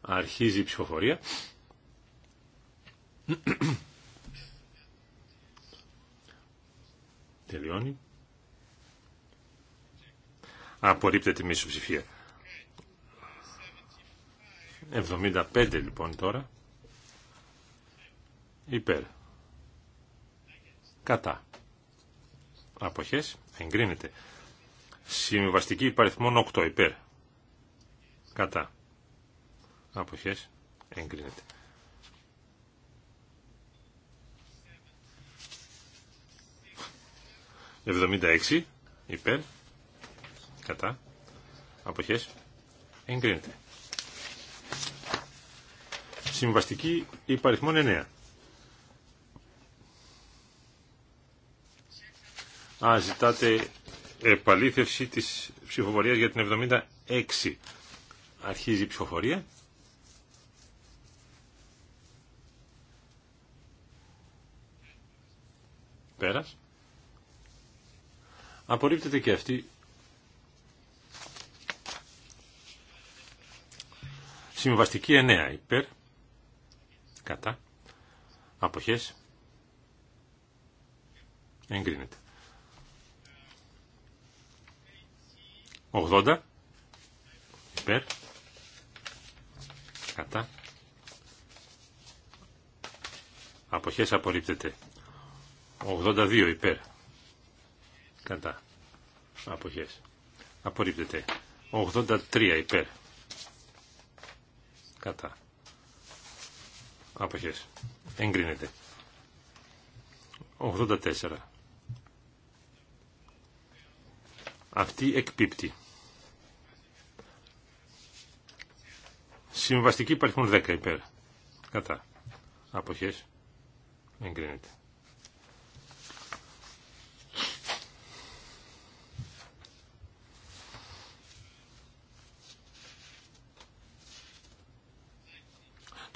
Αρχίζει η ψηφοφορία. Τελειώνει. Απορρίπτεται με ψηφία. 75 λοιπόν τώρα. Υπέρ. Κατά. Αποχές. Εγκρίνεται. Συμβαστική υπαριθμών 8 υπέρ. Κατά. Αποχές. Εγκρίνεται. 76 υπέρ κατά αποχές εγκρίνεται. Συμβαστική Υπαριθμόν 9. Α, ζητάτε επαλήθευση της ψηφοφορίας για την 76. Αρχίζει η ψηφοφορία. Πέρας. Απορρίπτεται και αυτή Συμβαστική 9 υπέρ. Κατά. Αποχές. Εγκρίνεται. 80 υπέρ. Κατά. Αποχές απορρίπτεται. 82 υπέρ. Κατά. Αποχές. Απορρίπτεται. 83 υπέρ. Κατά. Αποχές. Εγκρίνεται. 84. Αυτή εκπίπτει. Συμβαστική υπάρχουν 10 υπέρ. Κατά. Αποχές. Εγκρίνεται.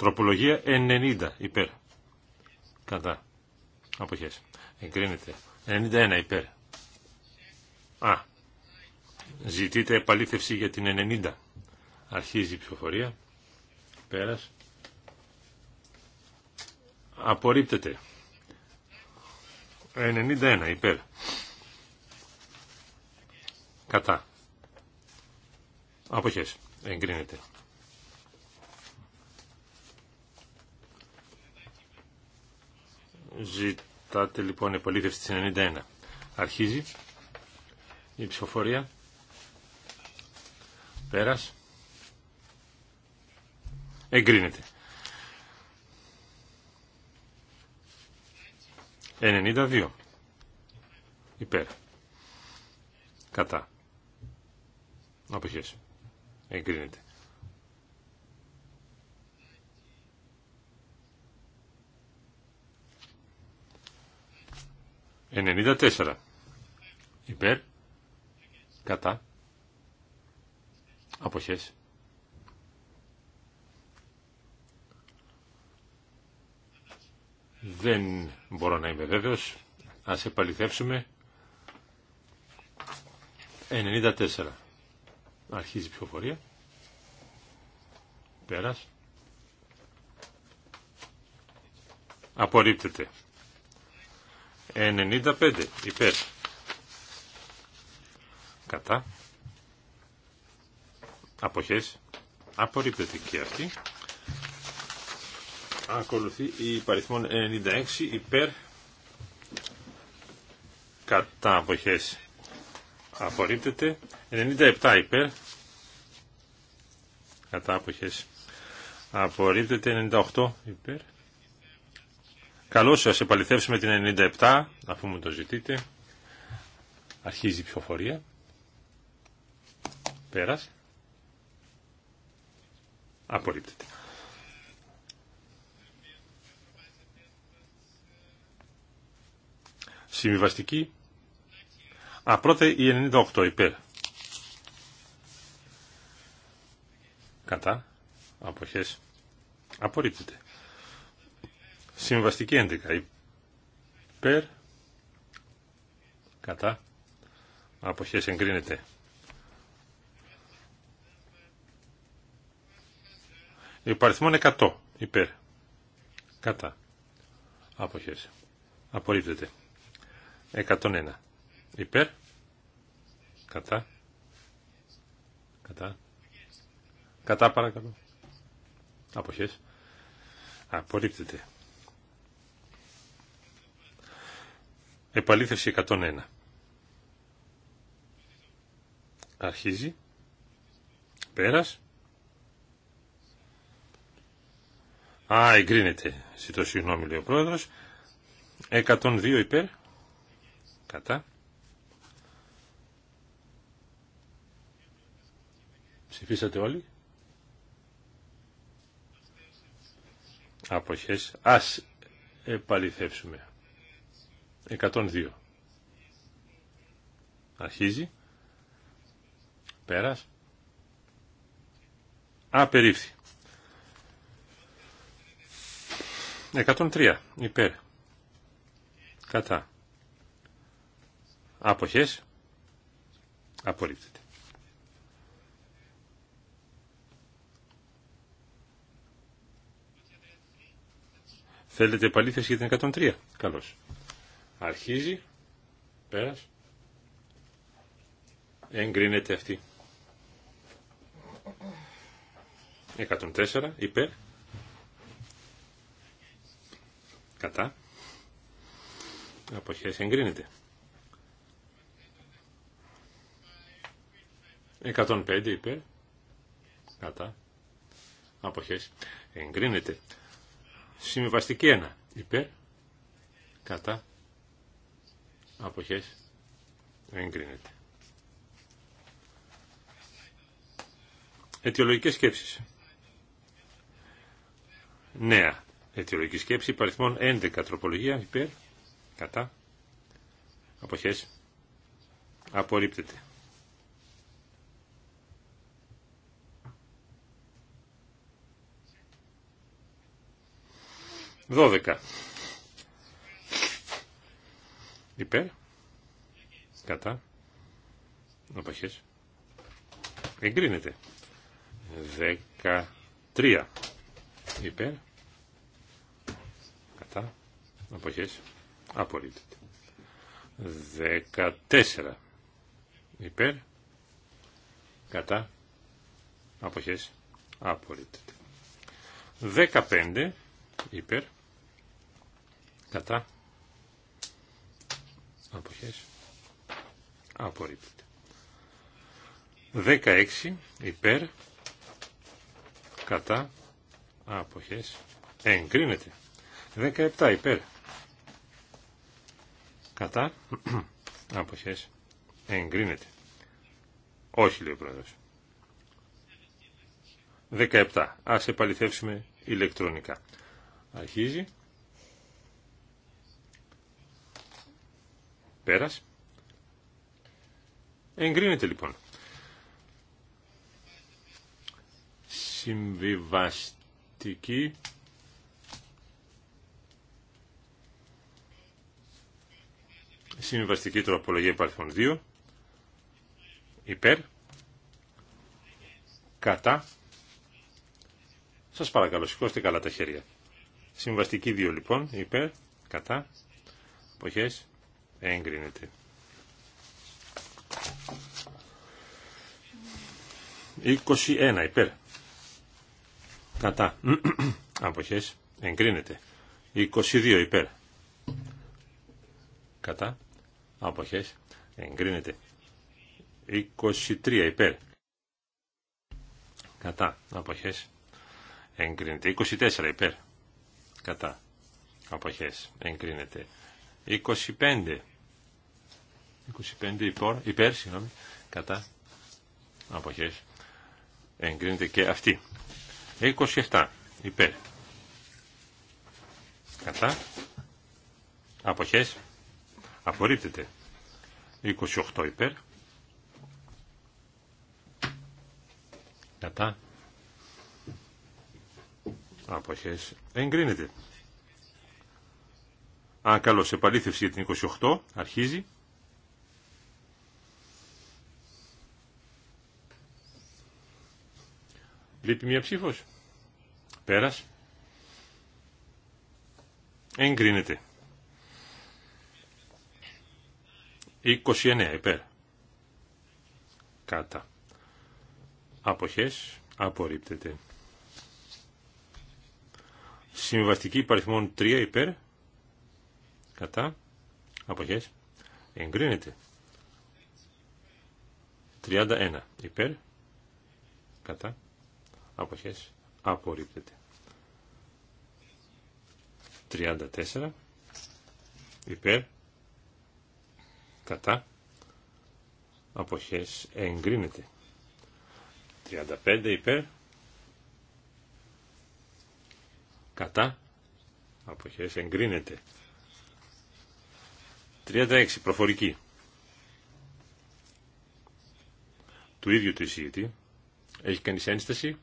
Τροπολογία 90 υπέρ. Κατά. Αποχές. Εγκρίνεται. 91 υπέρ. Α. Ζητείτε επαλήθευση για την 90. Αρχίζει η ψηφοφορία. Πέρας. Απορρίπτεται. 91 υπέρ. Κατά. Αποχές. Εγκρίνεται. Ζητάτε λοιπόν επαλήθευση της 91. Αρχίζει η ψηφοφορία. Πέρας. Εγκρίνεται. 92. Υπέρ. Κατά. Αποχές. Εγκρίνεται. 94 υπέρ κατά αποχές δεν μπορώ να είμαι βέβαιος ας επαληθεύσουμε 94 αρχίζει η ψηφοφορία πέρας απορρίπτεται 95 υπέρ. Κατά. Αποχές. Απορρίπτεται και αυτή. Ακολουθεί η παριθμόν 96 υπέρ. Κατά αποχές. Απορρίπτεται. 97 υπέρ. Κατά αποχές. Απορρίπτεται 98 υπέρ. Καλώς σα επαληθεύσουμε την 97, αφού μου το ζητείτε. Αρχίζει η ψηφοφορία. Πέρας. Απορρίπτεται. Συμβιβαστική. Α, πρώτα η 98 υπέρ. Κατά. Αποχές. Απορρίπτεται. Συμβαστική 11. Υπέρ. Κατά. Αποχές εγκρίνεται. Υπαριθμόν 100. Υπέρ. Κατά. Αποχές. Απορρίπτεται. 101. Υπέρ. Κατά. Κατά. Κατά παρακαλώ. Αποχές. Απορρίπτεται. Επαλήθευση 101. Αρχίζει. Πέρας. Α, εγκρίνεται. Ζητώ συγγνώμη, λέει ο πρόεδρος. 102 υπέρ. Κατά. Ψηφίσατε όλοι. Αποχές. Ας επαληθεύσουμε. 102. Αρχίζει. Πέρας. Απερίφθη. 103. Υπέρ. Κατά. Αποχές. Απορρίπτεται. Θέλετε επαλήθευση για την 103. Καλώς. Αρχίζει. Πέρας. Εγκρίνεται αυτή. 104 υπέρ. Κατά. Αποχές εγκρίνεται. 105 υπέρ. Κατά. Αποχές εγκρίνεται. Συμβαστική 1 υπέρ. Κατά αποχές εγκρίνεται. Αιτιολογικές σκέψεις. Νέα αιτιολογική σκέψη παριθμών 11 τροπολογία υπέρ κατά αποχές απορρίπτεται. Δώδεκα. Υπέρ. Κατά. Αποχές. Εγκρίνεται. 13. Υπέρ. Κατά. Αποχές. Απορρίπτεται. 14. Υπέρ. Κατά. Αποχές. Απορρίπτεται. 15. Υπέρ. Κατά αποχές απορρίπτεται. 16 υπέρ κατά αποχές εγκρίνεται. 17 υπέρ κατά αποχές εγκρίνεται. Όχι λέει ο πρόεδρος. 17. Ας επαληθεύσουμε ηλεκτρονικά. Αρχίζει. Πέρας. Εγκρίνεται λοιπόν. Συμβιβαστική. Συμβιβαστική τροπολογία υπάρχουν 2. Υπέρ. Κατά. Σας παρακαλώ, σηκώστε καλά τα χέρια. Συμβαστική 2 λοιπόν, υπέρ, κατά, εποχές, Εγκρίνεται. 21 υπέρ. Κατά. Αποχές. Εγκρίνεται. 22 υπέρ. Κατά. Αποχές. Εγκρίνεται. 23 υπέρ. Κατά. Αποχές. Εγκρίνεται. 24 υπέρ. Κατά. Αποχές. Εγκρίνεται. 25 25 υπόρ, υπέρ, συγγνώμη, κατά αποχές εγκρίνεται και αυτή. 27 υπέρ, κατά αποχές απορρίπτεται. 28 υπέρ, κατά αποχές εγκρίνεται. Αν καλώς, επαλήθευση για την 28, αρχίζει. Λείπει μία ψήφος. Πέρας. Εγκρίνεται. 29 υπέρ. Κάτα. Αποχές. Απορρίπτεται. Συμβαστική παριθμών 3 υπέρ. Κατά. Αποχές. Εγκρίνεται. 31 υπέρ. Κατά αποχές απορρίπτεται. 34 υπέρ κατά αποχές εγκρίνεται. 35 υπέρ κατά αποχές εγκρίνεται. 36 προφορική του ίδιου του εισηγητή. Έχει κανείς ένσταση.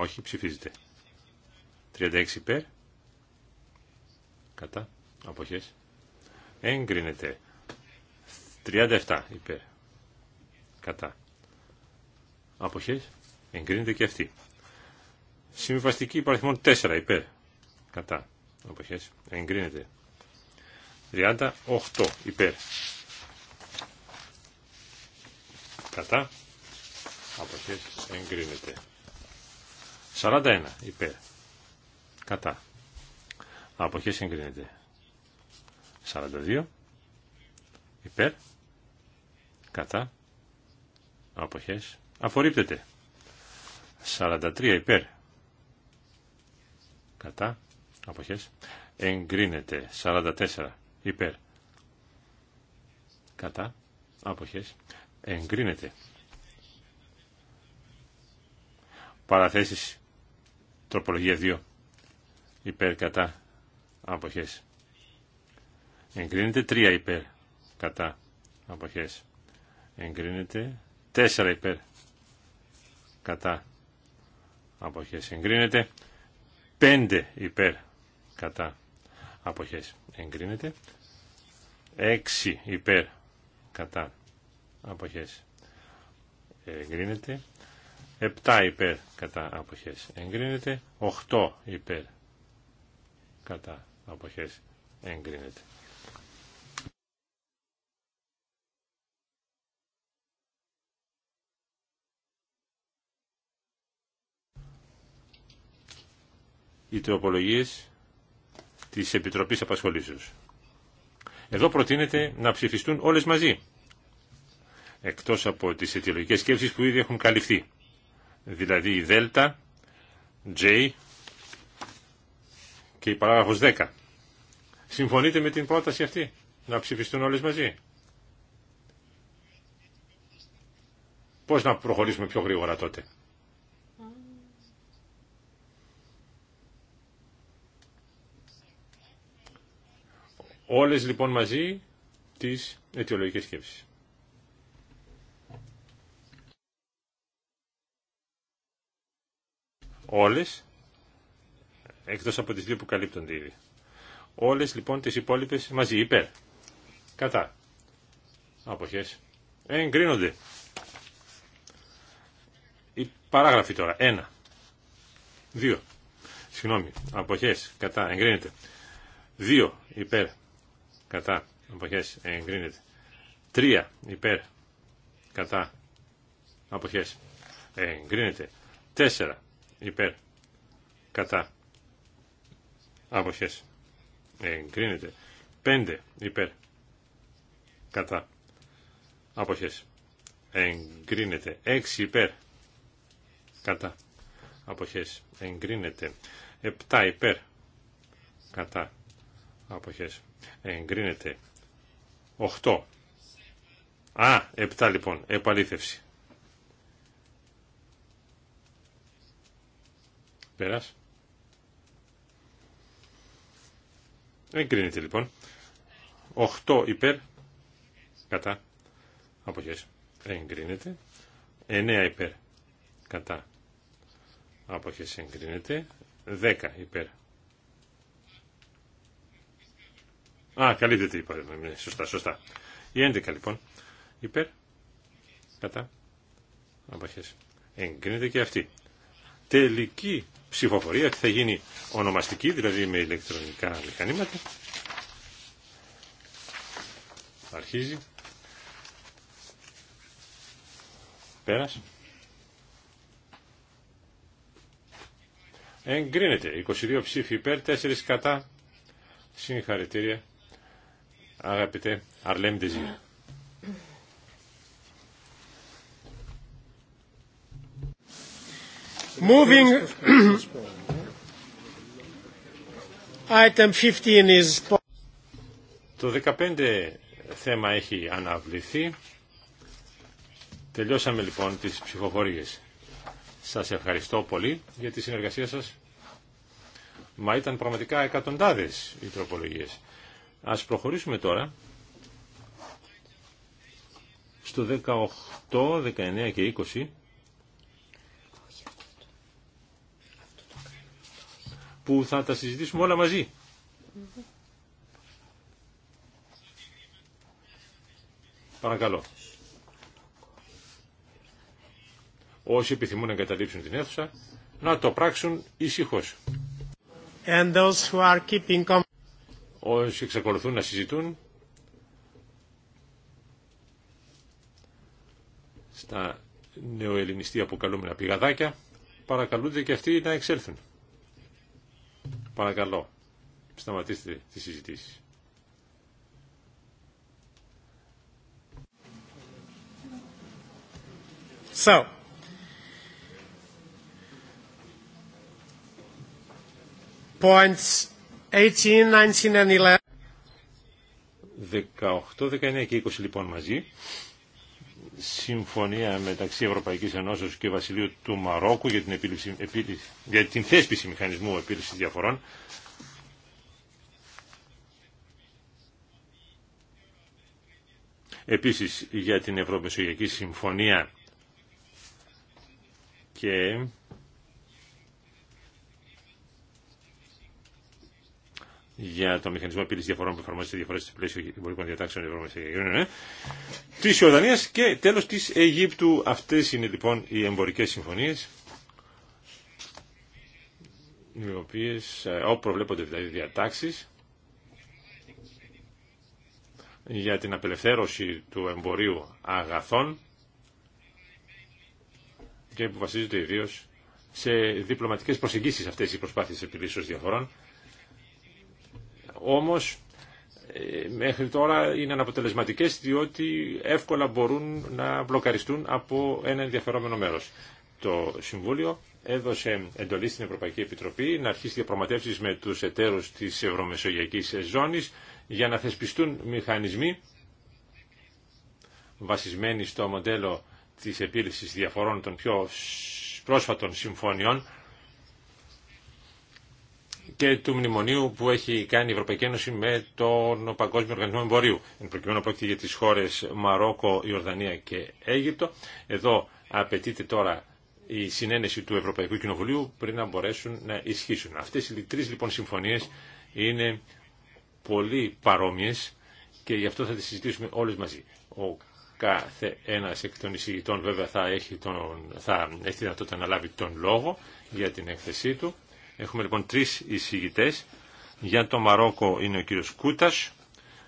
Όχι, ψηφίζεται. 36 υπέρ. Κατά. Αποχές. Έγκρινεται. 37 υπέρ. Κατά. Αποχές. Εγκρίνεται και αυτή. Συμβαστική υπαριθμών 4 υπέρ. Κατά. Αποχές. Εγκρίνεται. 38 υπέρ. Κατά. Αποχές. Εγκρίνεται. 41 υπέρ. Κατά. Αποχές εγκρίνεται. 42 υπέρ. Κατά. Αποχές. Απορρίπτεται. 43 υπέρ. Κατά. Αποχές. Εγκρίνεται. 44 υπέρ. Κατά. Αποχές. Εγκρίνεται. Παραθέσεις Τροπολογία 2. Υπέρ κατά αποχές. Εγκρίνεται 3 υπέρ κατά αποχές. Εγκρίνεται 4 υπέρ κατά αποχές. Εγκρίνεται 5 υπέρ κατά αποχές. Εγκρίνεται 6 υπέρ κατά αποχές. Εγκρίνεται 7 υπέρ κατά αποχές εγκρίνεται, 8 υπέρ κατά αποχές εγκρίνεται. Οι τροπολογίες της Επιτροπής Απασχολήσεως. Εδώ προτείνεται να ψηφιστούν όλες μαζί, εκτός από τις αιτιολογικές σκέψεις που ήδη έχουν καλυφθεί δηλαδή η δέλτα, J και η παράγραφος 10. Συμφωνείτε με την πρόταση αυτή να ψηφιστούν όλες μαζί. Πώς να προχωρήσουμε πιο γρήγορα τότε. Όλες λοιπόν μαζί τις αιτιολογικές σκέψεις. Όλες, εκτός από τις δύο που καλύπτονται ήδη. Όλες λοιπόν τις υπόλοιπες μαζί, υπέρ. Κατά. Αποχές. Εγκρίνονται. Η παράγραφη τώρα. Ένα. Δύο. Συγγνώμη. Αποχές. Κατά. Εγκρίνεται. Δύο. Υπέρ. Κατά. Αποχές. Εγκρίνεται. Τρία. Υπέρ. Κατά. Αποχές. Εγκρίνεται. Τέσσερα υπέρ κατά αποχές εγκρίνεται 5 υπέρ κατά αποχές εγκρίνεται 6 υπέρ κατά αποχές εγκρίνεται 7 υπέρ κατά αποχές εγκρίνεται 8 Α, 7 λοιπόν, επαλήθευση. Πέρας. Εγκρίνεται λοιπόν. 8 υπέρ. Κατά. Αποχές. Εγκρίνεται. 9 υπέρ. Κατά. Αποχές εγκρίνεται. 10 υπέρ. Α, καλύπτεται η ναι, Σωστά, σωστά. Η 11 λοιπόν. Υπέρ. Κατά. Αποχές. Εγκρίνεται και αυτή. Τελική ψηφοφορία θα γίνει ονομαστική, δηλαδή με ηλεκτρονικά μηχανήματα. Αρχίζει. Πέρασε. Εγκρίνεται. 22 ψήφοι υπέρ, 4 κατά. Συγχαρητήρια. Αγαπητέ Αρλέμ Ντεζίρ. Moving item 15 is... Το 15 θέμα έχει αναβληθεί. Τελειώσαμε λοιπόν τις ψηφοφορίες. Σας ευχαριστώ πολύ για τη συνεργασία σας. Μα ήταν πραγματικά εκατοντάδες οι τροπολογίες. Ας προχωρήσουμε τώρα στο 18, 19 και 20 που θα τα συζητήσουμε όλα μαζί. Παρακαλώ. Όσοι επιθυμούν να εγκαταλείψουν την αίθουσα, να το πράξουν ησυχώ. Keeping... Όσοι εξακολουθούν να συζητούν, στα νεοελληνιστή αποκαλούμενα πηγαδάκια, παρακαλούνται και αυτοί να εξέλθουν. Παρακαλώ, σταματήστε τις συζητήσεις. So, points 18, 19 and 11. 18, 19 και 20 λοιπόν μαζί συμφωνία μεταξύ Ευρωπαϊκής Ενώσεως και Βασιλείου του Μαρόκου για την, επίλυση για την θέσπιση μηχανισμού επίλυσης διαφορών. Επίσης για την Ευρωμεσογειακή Συμφωνία και για το μηχανισμό επίλυση διαφορών που εφαρμόζεται διαφορέ στο πλαίσιο εμπορικών διατάξεων ε, τη Ιορδανία και τέλο τη Αιγύπτου. Αυτέ είναι λοιπόν οι εμπορικέ συμφωνίε οι οποίε ε, όπου προβλέπονται δηλαδή διατάξει για την απελευθέρωση του εμπορίου αγαθών και που βασίζονται ιδίω σε διπλωματικές προσεγγίσεις αυτές οι προσπάθειες επιλύσεως διαφορών όμως ε, μέχρι τώρα είναι αναποτελεσματικές διότι εύκολα μπορούν να μπλοκαριστούν από ένα ενδιαφερόμενο μέρος. Το Συμβούλιο έδωσε εντολή στην Ευρωπαϊκή Επιτροπή να αρχίσει διαπραγματεύσει με τους εταίρους της Ευρωμεσογειακής Ζώνης για να θεσπιστούν μηχανισμοί βασισμένοι στο μοντέλο της επίλυσης διαφορών των πιο πρόσφατων συμφωνιών και του μνημονίου που έχει κάνει η Ευρωπαϊκή Ένωση με τον Παγκόσμιο Οργανισμό Εμπορίου. Εν προκειμένου πρόκειται για τις χώρες Μαρόκο, Ιορδανία και Αίγυπτο. Εδώ απαιτείται τώρα η συνένεση του Ευρωπαϊκού Κοινοβουλίου πριν να μπορέσουν να ισχύσουν. Αυτές οι τρεις λοιπόν συμφωνίες είναι πολύ παρόμοιες και γι' αυτό θα τις συζητήσουμε όλες μαζί. Ο κάθε ένα εκ των εισηγητών βέβαια θα έχει, τον, θα έχει δυνατότητα να λάβει τον λόγο για την έκθεσή του. Έχουμε λοιπόν τρεις εισηγητές. Για το Μαρόκο είναι ο κύριος Κούτας,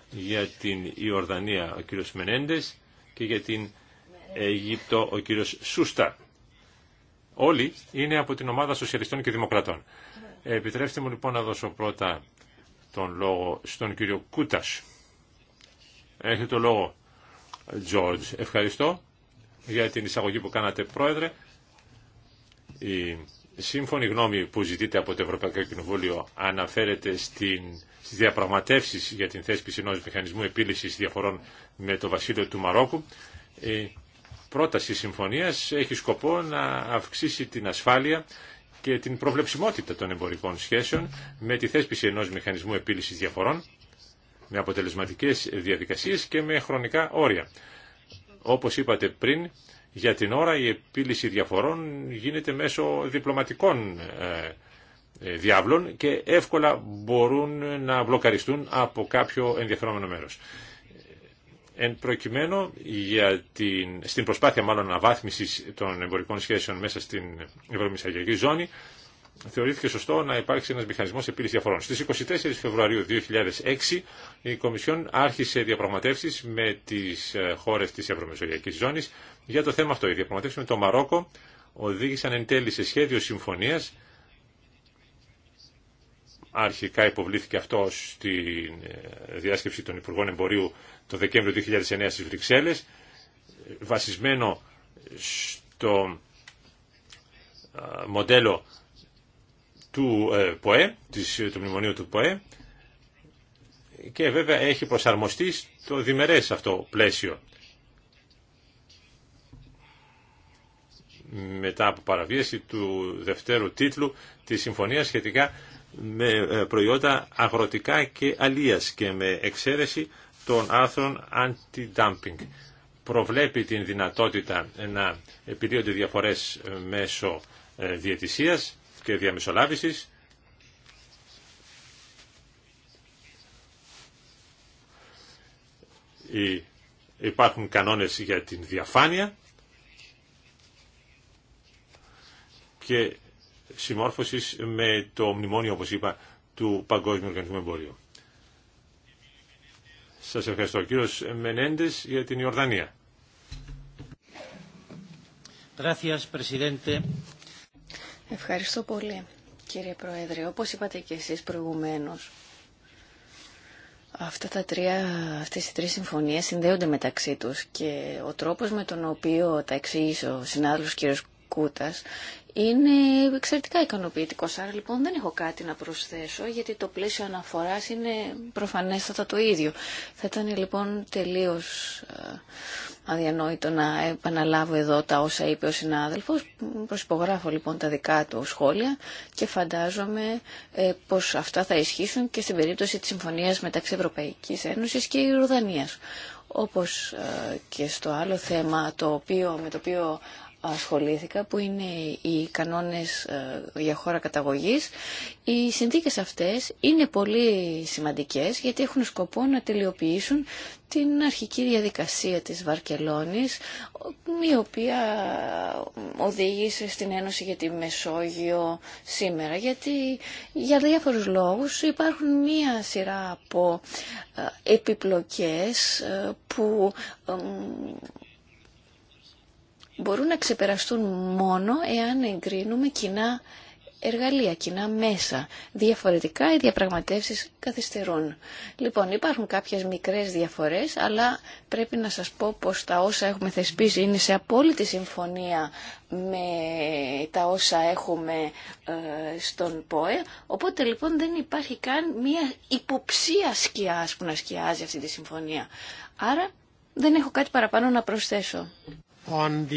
για την Ιορδανία ο κύριος Μενέντες και για την Αιγύπτο ο κύριος Σούστα. Όλοι είναι από την ομάδα Σοσιαλιστών και Δημοκρατών. Επιτρέψτε μου λοιπόν να δώσω πρώτα τον λόγο στον κύριο Κούτας. Έχετε το λόγο, George. Ευχαριστώ για την εισαγωγή που κάνατε, Πρόεδρε. Η σύμφωνη γνώμη που ζητείται από το Ευρωπαϊκό Κοινοβούλιο αναφέρεται στην, στις διαπραγματεύσεις για την θέσπιση ενός μηχανισμού επίλυσης διαφορών με το βασίλειο του Μαρόκου. Η ε, πρόταση συμφωνίας έχει σκοπό να αυξήσει την ασφάλεια και την προβλεψιμότητα των εμπορικών σχέσεων με τη θέσπιση ενός μηχανισμού επίλυσης διαφορών με αποτελεσματικές διαδικασίες και με χρονικά όρια. Όπως είπατε πριν, για την ώρα η επίλυση διαφορών γίνεται μέσω διπλωματικών ε, ε, διάβλων και εύκολα μπορούν να βλοκαριστούν από κάποιο ενδιαφερόμενο μέρος. Εν προκειμένου, για την, στην προσπάθεια μάλλον αναβάθμισης των εμπορικών σχέσεων μέσα στην ευρωμισαγιακή ζώνη, θεωρήθηκε σωστό να υπάρξει ένας μηχανισμός επίλυσης διαφορών. Στις 24 Φεβρουαρίου 2006 η Κομισιόν άρχισε διαπραγματεύσεις με τις ε, χώρες της Ευρωμεσογειακής Ζώνης για το θέμα αυτό. Οι διαπραγματεύσεις με το Μαρόκο οδήγησαν εν τέλει σε σχέδιο συμφωνίας Αρχικά υποβλήθηκε αυτό στη ε, διάσκεψη των Υπουργών Εμπορίου το Δεκέμβριο 2009 στις Βρυξέλλες, βασισμένο στο ε, μοντέλο του ε, ΠΟΕ, ε, του μνημονίου του ΠΟΕ και βέβαια έχει προσαρμοστεί στο διμερές αυτό πλαίσιο. μετά από παραβίαση του δευτέρου τίτλου της συμφωνίας σχετικά με ε, προϊόντα αγροτικά και αλίας και με εξαίρεση των άρθρων anti-dumping. Προβλέπει την δυνατότητα να επιλύονται διαφορές μέσω διαιτησίας και διαμεσολάβησης. Υπάρχουν κανόνες για την διαφάνεια και συμμόρφωσης με το μνημόνιο, όπως είπα, του Παγκόσμιου Οργανισμού Εμπορίου. Σας ευχαριστώ. Κύριος Μενέντες για την Ιορδανία. Gracias, presidente. Ευχαριστώ πολύ κύριε Πρόεδρε. Όπως είπατε και εσείς προηγουμένως, αυτά τα τρία, αυτές οι τρεις συμφωνίες συνδέονται μεταξύ τους και ο τρόπος με τον οποίο τα εξήγησε ο συνάδελφος κύριος Κούτας είναι εξαιρετικά ικανοποιητικό. Άρα λοιπόν δεν έχω κάτι να προσθέσω γιατί το πλαίσιο αναφοράς είναι προφανέστατα το ίδιο. Θα ήταν λοιπόν τελείω ε, αδιανόητο να επαναλάβω εδώ τα όσα είπε ο συνάδελφος. Προσυπογράφω, λοιπόν τα δικά του σχόλια και φαντάζομαι ε, πως αυτά θα ισχύσουν και στην περίπτωση τη συμφωνία μεταξύ Ευρωπαϊκή Ένωση και Όπω όπως ε, και στο άλλο θέμα το οποίο, με το οποίο ασχολήθηκα, που είναι οι κανόνες ε, για χώρα καταγωγής. Οι συνθήκες αυτές είναι πολύ σημαντικές γιατί έχουν σκοπό να τελειοποιήσουν την αρχική διαδικασία της Βαρκελόνης, η οποία οδήγησε στην Ένωση για τη Μεσόγειο σήμερα, γιατί για διάφορους λόγους υπάρχουν μία σειρά από ε, επιπλοκές ε, που μπορούν να ξεπεραστούν μόνο εάν εγκρίνουμε κοινά εργαλεία, κοινά μέσα. Διαφορετικά οι διαπραγματεύσεις καθυστερούν. Λοιπόν, υπάρχουν κάποιες μικρές διαφορές, αλλά πρέπει να σας πω πως τα όσα έχουμε θεσπίσει είναι σε απόλυτη συμφωνία με τα όσα έχουμε ε, στον ΠΟΕ. Οπότε λοιπόν δεν υπάρχει καν μια υποψία σκιάς που να σκιάζει αυτή τη συμφωνία. Άρα δεν έχω κάτι παραπάνω να προσθέσω on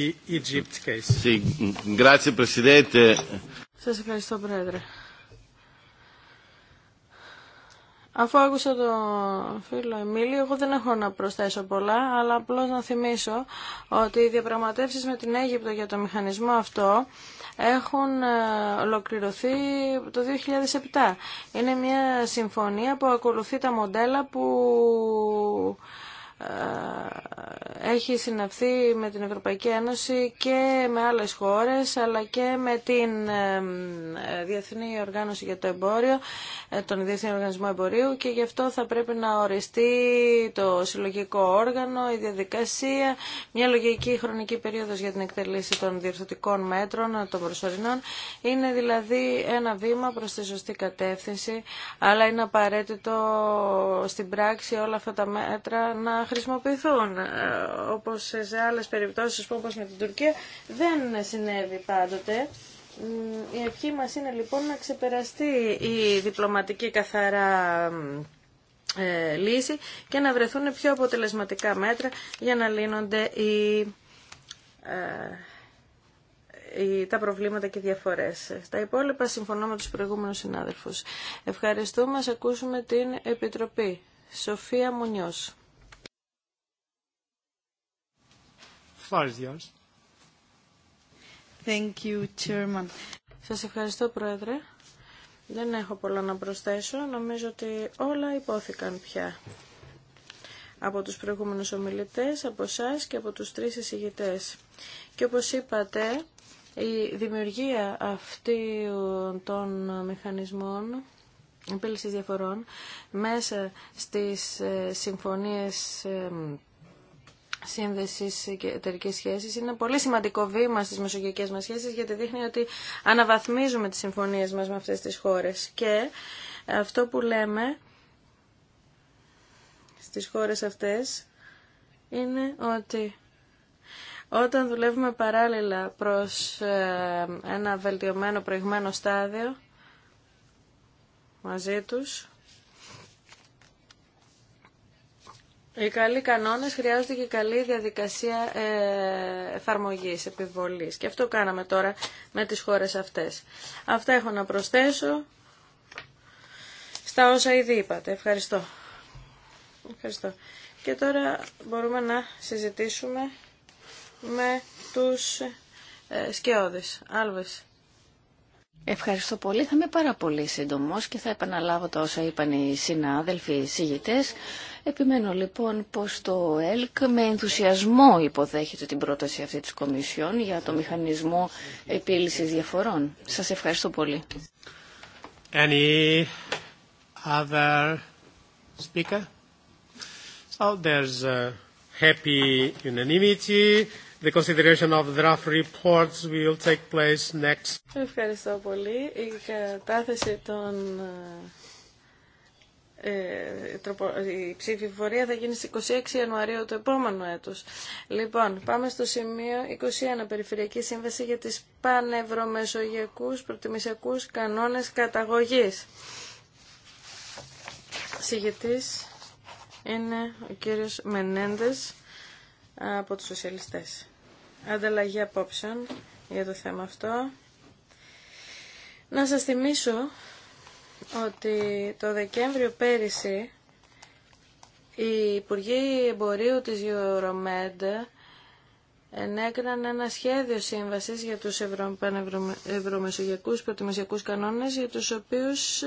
Σας ευχαριστώ, Πρόεδρε. Αφού άκουσα το φίλο Εμίλιο, εγώ δεν έχω να προσθέσω πολλά, αλλά απλώς να θυμίσω ότι οι διαπραγματεύσεις με την Αίγυπτο για το μηχανισμό αυτό έχουν ε, ολοκληρωθεί το 2007. Είναι μια συμφωνία που ακολουθεί τα μοντέλα που ε, έχει συναυθεί με την Ευρωπαϊκή Ένωση και με άλλες χώρες αλλά και με την Διεθνή Οργάνωση για το Εμπόριο, ε, τον Διεθνή Οργανισμό Εμπορίου και γι' αυτό θα πρέπει να οριστεί το συλλογικό όργανο, η διαδικασία, μια λογική χρονική περίοδος για την εκτελήση των διορθωτικών μέτρων, των προσωρινών. Είναι δηλαδή ένα βήμα προς τη σωστή κατεύθυνση αλλά είναι απαραίτητο στην πράξη όλα αυτά τα μέτρα να χρησιμοποιηθούν. Ε, όπως σε άλλες περιπτώσεις όπως με την Τουρκία δεν συνέβη πάντοτε. Η ευχή μας είναι λοιπόν να ξεπεραστεί η διπλωματική καθαρά ε, λύση και να βρεθούν πιο αποτελεσματικά μέτρα για να λύνονται ε, οι, τα προβλήματα και οι διαφορές. Τα υπόλοιπα συμφωνώ με τους προηγούμενους συνάδελφους. Ευχαριστούμε, ακούσουμε την Επιτροπή. Σοφία Μουνιός. Σας ευχαριστώ, Πρόεδρε. Δεν έχω πολλά να προσθέσω. Νομίζω ότι όλα υπόθηκαν πια από τους προηγούμενους ομιλητές, από εσά και από τους τρεις εισηγητές. Και όπως είπατε, η δημιουργία αυτή των μηχανισμών επίλυσης διαφορών μέσα στις ε, συμφωνίες ε, σύνδεση και εταιρική σχέσει. Είναι πολύ σημαντικό βήμα στι μεσογειακέ μα σχέσει γιατί δείχνει ότι αναβαθμίζουμε τι συμφωνίε μα με αυτέ τι χώρε. Και αυτό που λέμε στις χώρε αυτές είναι ότι όταν δουλεύουμε παράλληλα προς ε, ένα βελτιωμένο προηγμένο στάδιο μαζί τους Οι καλοί κανόνε χρειάζονται και καλή διαδικασία ε, εφαρμογή επιβολής. Και αυτό κάναμε τώρα με τις χώρες αυτές. Αυτά έχω να προσθέσω στα όσα ήδη είπατε. Ευχαριστώ. Ευχαριστώ. Και τώρα μπορούμε να συζητήσουμε με τους ε, σκιώδες. Άλβες. Ευχαριστώ πολύ. Θα είμαι πάρα πολύ σύντομο και θα επαναλάβω τα όσα είπαν οι συνάδελφοι οι συγητέ. Επιμένω λοιπόν πως το ΕΛΚ με ενθουσιασμό υποδέχεται την πρόταση αυτή της Κομισιόν για το μηχανισμό επίλυσης διαφορών. Σας ευχαριστώ πολύ. Any other speaker? So there's a happy unanimity consideration of draft reports will take place next. Ευχαριστώ πολύ. Η κατάθεση των ε, η ψηφοφορία θα γίνει στις 26 Ιανουαρίου του επόμενου έτους. Λοιπόν, πάμε στο σημείο 21, Περιφερειακή Σύμβαση για τις Πανευρωμεσογειακούς Προτιμησιακούς Κανόνες Καταγωγής. Συγητής είναι ο κύριος Μενέντες από τους Σοσιαλιστές ανταλλαγή απόψεων για το θέμα αυτό. Να σας θυμίσω ότι το Δεκέμβριο πέρυσι η Υπουργοί Εμπορίου της Euromed ενέκριναν ένα σχέδιο σύμβασης για τους ευρω... ευρωμεσογειακούς προτιμησιακούς κανόνες για τους οποίους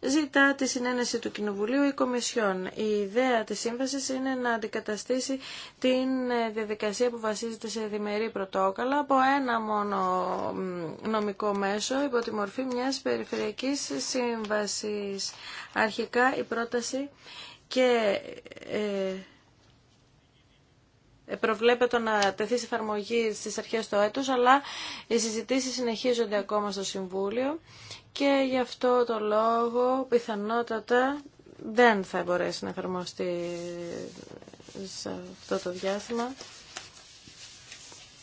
ζητά τη συνένεση του Κοινοβουλίου ή Κομισιόν. Η ιδέα της σύμβασης είναι να αντικαταστήσει την ε, διαδικασία που βασίζεται σε διμερή πρωτόκαλα από ένα μόνο νομικό μέσο υπό τη μορφή μιας περιφερειακής σύμβασης. Αρχικά η πρόταση και... Ε, ε, προβλέπεται να τεθεί σε εφαρμογή στις αρχές του έτους, αλλά οι συζητήσεις συνεχίζονται ακόμα στο Συμβούλιο και γι' αυτό το λόγο πιθανότατα δεν θα μπορέσει να εφαρμοστεί σε αυτό το διάστημα.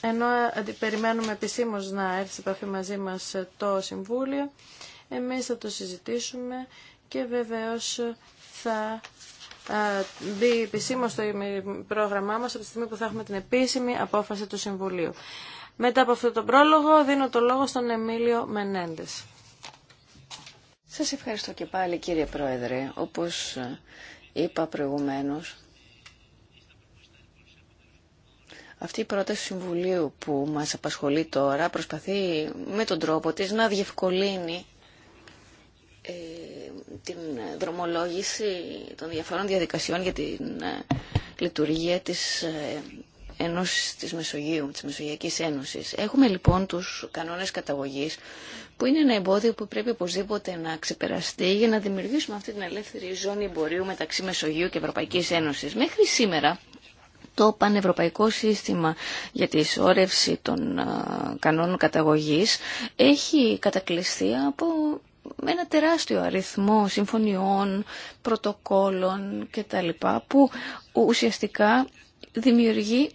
Ενώ ε, περιμένουμε επισήμως να έρθει σε επαφή μαζί μας το Συμβούλιο, εμείς θα το συζητήσουμε και βεβαίως θα ε, μπει επισήμω στο πρόγραμμά μας από τη στιγμή που θα έχουμε την επίσημη απόφαση του Συμβουλίου. Μετά από αυτό το πρόλογο δίνω το λόγο στον Εμίλιο Μενέντε. Σας ευχαριστώ και πάλι κύριε Πρόεδρε. Όπως ε, είπα προηγουμένως, αυτή η πρόταση του Συμβουλίου που μας απασχολεί τώρα προσπαθεί με τον τρόπο της να διευκολύνει ε, την ε, δρομολόγηση των διαφορών διαδικασιών για την ε, λειτουργία της ε, Ένωσης της Μεσογείου, της Μεσογειακής Ένωσης. Έχουμε λοιπόν τους κανόνες καταγωγής που είναι ένα εμπόδιο που πρέπει οπωσδήποτε να ξεπεραστεί για να δημιουργήσουμε αυτή την ελεύθερη ζώνη εμπορίου μεταξύ Μεσογείου και Ευρωπαϊκής Ένωσης. Μέχρι σήμερα το πανευρωπαϊκό σύστημα για τη σώρευση των κανόνων καταγωγής έχει κατακλειστεί από με ένα τεράστιο αριθμό συμφωνιών, πρωτοκόλων κτλ. που ουσιαστικά δημιουργεί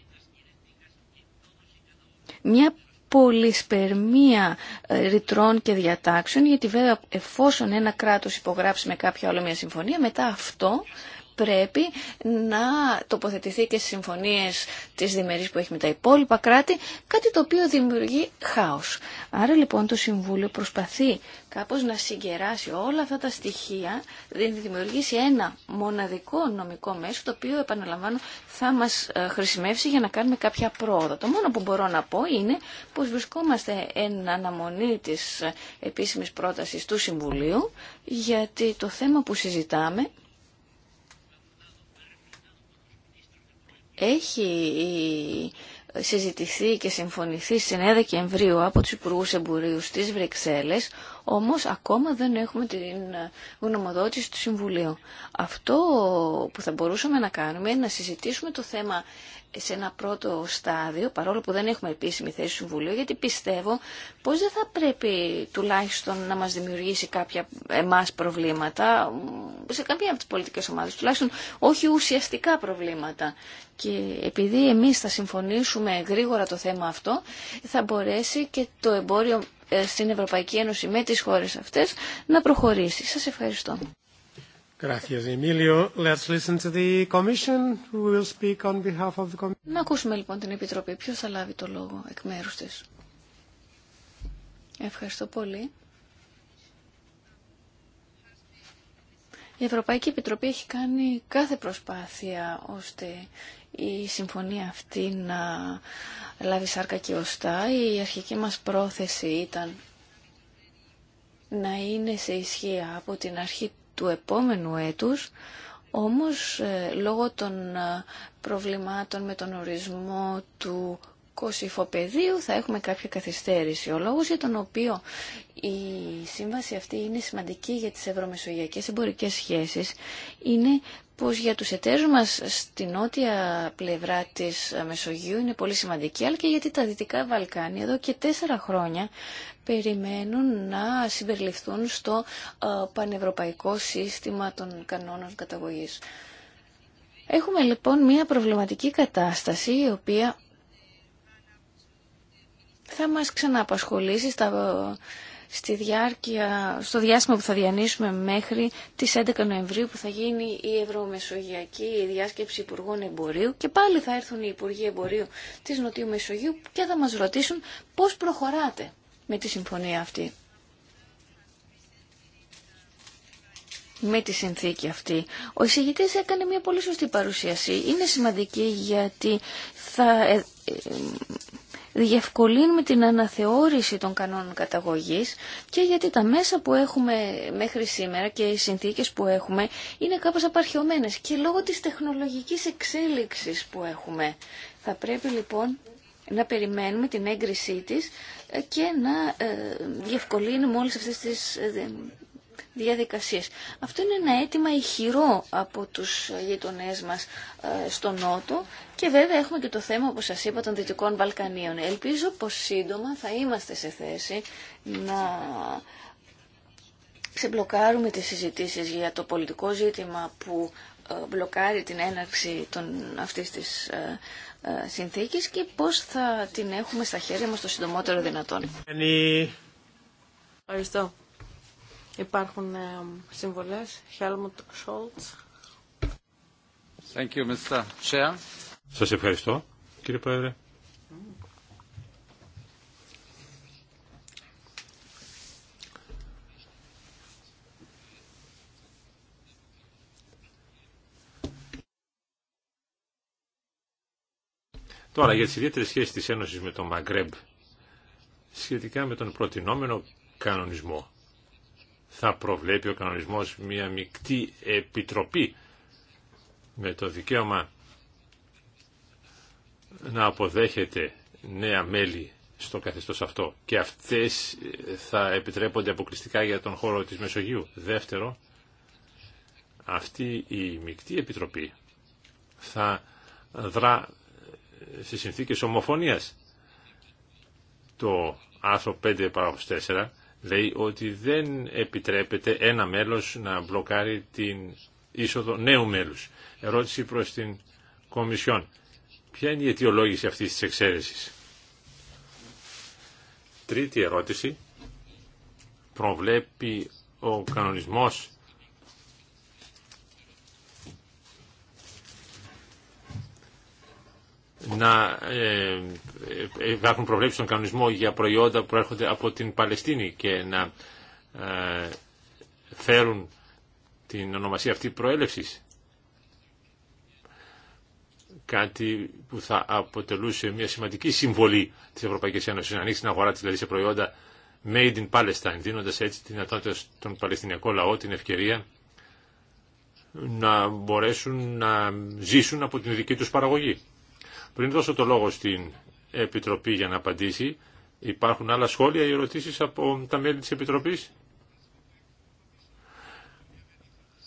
μια πολυσπερμία ε, ρητρών και διατάξεων, γιατί βέβαια εφόσον ένα κράτος υπογράψει με κάποια άλλο μια συμφωνία, μετά αυτό πρέπει να τοποθετηθεί και στις συμφωνίες της διμερής που έχει με τα υπόλοιπα κράτη, κάτι το οποίο δημιουργεί χάος. Άρα λοιπόν το Συμβούλιο προσπαθεί κάπως να συγκεράσει όλα αυτά τα στοιχεία, δηλαδή δημιουργήσει ένα μοναδικό νομικό μέσο, το οποίο επαναλαμβάνω θα μας ε, χρησιμεύσει για να κάνουμε κάποια πρόοδο. Το μόνο που μπορώ να πω είναι πως βρισκόμαστε εν αναμονή της ε, επίσημης πρότασης του Συμβουλίου, γιατί το θέμα που συζητάμε έχει συζητηθεί και συμφωνηθεί στην 9 Δεκεμβρίου από τους Υπουργού Εμπορίου στις Βρυξέλλες, όμως ακόμα δεν έχουμε την γνωμοδότηση του Συμβουλίου. Αυτό που θα μπορούσαμε να κάνουμε είναι να συζητήσουμε το θέμα σε ένα πρώτο στάδιο, παρόλο που δεν έχουμε επίσημη θέση του Συμβουλίου, γιατί πιστεύω πως δεν θα πρέπει τουλάχιστον να μας δημιουργήσει κάποια εμάς προβλήματα, σε καμία από τις πολιτικές ομάδες, τουλάχιστον όχι ουσιαστικά προβλήματα. Και επειδή εμείς θα συμφωνήσουμε γρήγορα το θέμα αυτό, θα μπορέσει και το εμπόριο ε, στην Ευρωπαϊκή Ένωση με τις χώρες αυτές να προχωρήσει. Σας ευχαριστώ. Να ακούσουμε λοιπόν την Επιτροπή. Ποιο θα λάβει το λόγο εκ μέρου τη. Ευχαριστώ πολύ. Η Ευρωπαϊκή Επιτροπή έχει κάνει κάθε προσπάθεια ώστε η συμφωνία αυτή να λάβει σάρκα και ωστά. Η αρχική μας πρόθεση ήταν να είναι σε ισχύ από την αρχή του επόμενου έτους, όμως ε, λόγω των ε, προβλημάτων με τον ορισμό του κοσυφοπεδίου θα έχουμε κάποια καθυστέρηση. Ο λόγος για τον οποίο η σύμβαση αυτή είναι σημαντική για τις ευρωμεσογειακές εμπορικές σχέσεις είναι πως για τους εταίρους μας στη νότια πλευρά της Μεσογείου είναι πολύ σημαντική, αλλά και γιατί τα Δυτικά Βαλκάνια εδώ και τέσσερα χρόνια περιμένουν να συμπεριληφθούν στο ε, πανευρωπαϊκό σύστημα των κανόνων καταγωγής. Έχουμε λοιπόν μια προβληματική κατάσταση η οποία θα μας ξαναπασχολήσει στα, στη διάρκεια, στο διάστημα που θα διανύσουμε μέχρι τις 11 Νοεμβρίου που θα γίνει η Ευρωμεσογειακή Διάσκεψη Υπουργών Εμπορίου και πάλι θα έρθουν οι Υπουργοί Εμπορίου της Νοτιού Μεσογείου και θα μας ρωτήσουν πώς προχωράτε με τη συμφωνία αυτή. με τη συνθήκη αυτή. Ο εισηγητής έκανε μια πολύ σωστή παρουσίαση. Είναι σημαντική γιατί θα ε, ε, διευκολύνουμε την αναθεώρηση των κανόνων καταγωγής και γιατί τα μέσα που έχουμε μέχρι σήμερα και οι συνθήκες που έχουμε είναι κάπως απαρχαιωμένες και λόγω της τεχνολογικής εξέλιξης που έχουμε. Θα πρέπει λοιπόν να περιμένουμε την έγκρισή της και να ε, διευκολύνουμε όλες αυτές τις ε, διαδικασίες. Αυτό είναι ένα αίτημα ηχηρό από τους γείτονές μας ε, στο Νότο και βέβαια έχουμε και το θέμα, όπως σας είπα, των Δυτικών Βαλκανίων. Ελπίζω πως σύντομα θα είμαστε σε θέση να ξεμπλοκάρουμε τις συζητήσεις για το πολιτικό ζήτημα που ε, μπλοκάρει την έναρξη των, αυτής της ε, συνθήκης και πώς θα την έχουμε στα χέρια μας το συντομότερο δυνατόν. Ευχαριστώ. Υπάρχουν ε, συμβολές. Χέλμουτ Σόλτς. Σας ευχαριστώ, κύριε Πρόεδρε. Τώρα για τις ιδιαίτερες σχέσεις της Ένωσης με το Μαγκρέμπ σχετικά με τον προτινόμενο κανονισμό θα προβλέπει ο κανονισμός μια μεικτή επιτροπή με το δικαίωμα να αποδέχεται νέα μέλη στο καθεστώς αυτό. Και αυτές ε, θα επιτρέπονται αποκλειστικά για τον χώρο της Μεσογείου. Δεύτερο, αυτή η μεικτή επιτροπή θα δρά ε, σε συνθήκες ομοφωνίας. Το άρθρο 5 4 λέει ότι δεν επιτρέπεται ένα μέλος να μπλοκάρει την είσοδο νέου μέλους. Ερώτηση προς την Κομισιόν. Ποια είναι η αιτιολόγηση αυτής της εξαίρεσης. Τρίτη ερώτηση. Προβλέπει ο κανονισμός να ε, ε υπάρχουν τον στον κανονισμό για προϊόντα που έρχονται από την Παλαιστίνη και να ε, φέρουν την ονομασία αυτή προέλευσης. Κάτι που θα αποτελούσε μια σημαντική συμβολή της Ευρωπαϊκής Ένωσης να ανοίξει την αγορά της δηλαδή σε προϊόντα made in Palestine, δίνοντας έτσι την δυνατότητα στον Παλαιστινιακό λαό την ευκαιρία να μπορέσουν να ζήσουν από την δική τους παραγωγή. Πριν δώσω το λόγο στην Επιτροπή για να απαντήσει, υπάρχουν άλλα σχόλια ή ερωτήσεις από τα μέλη της Επιτροπής.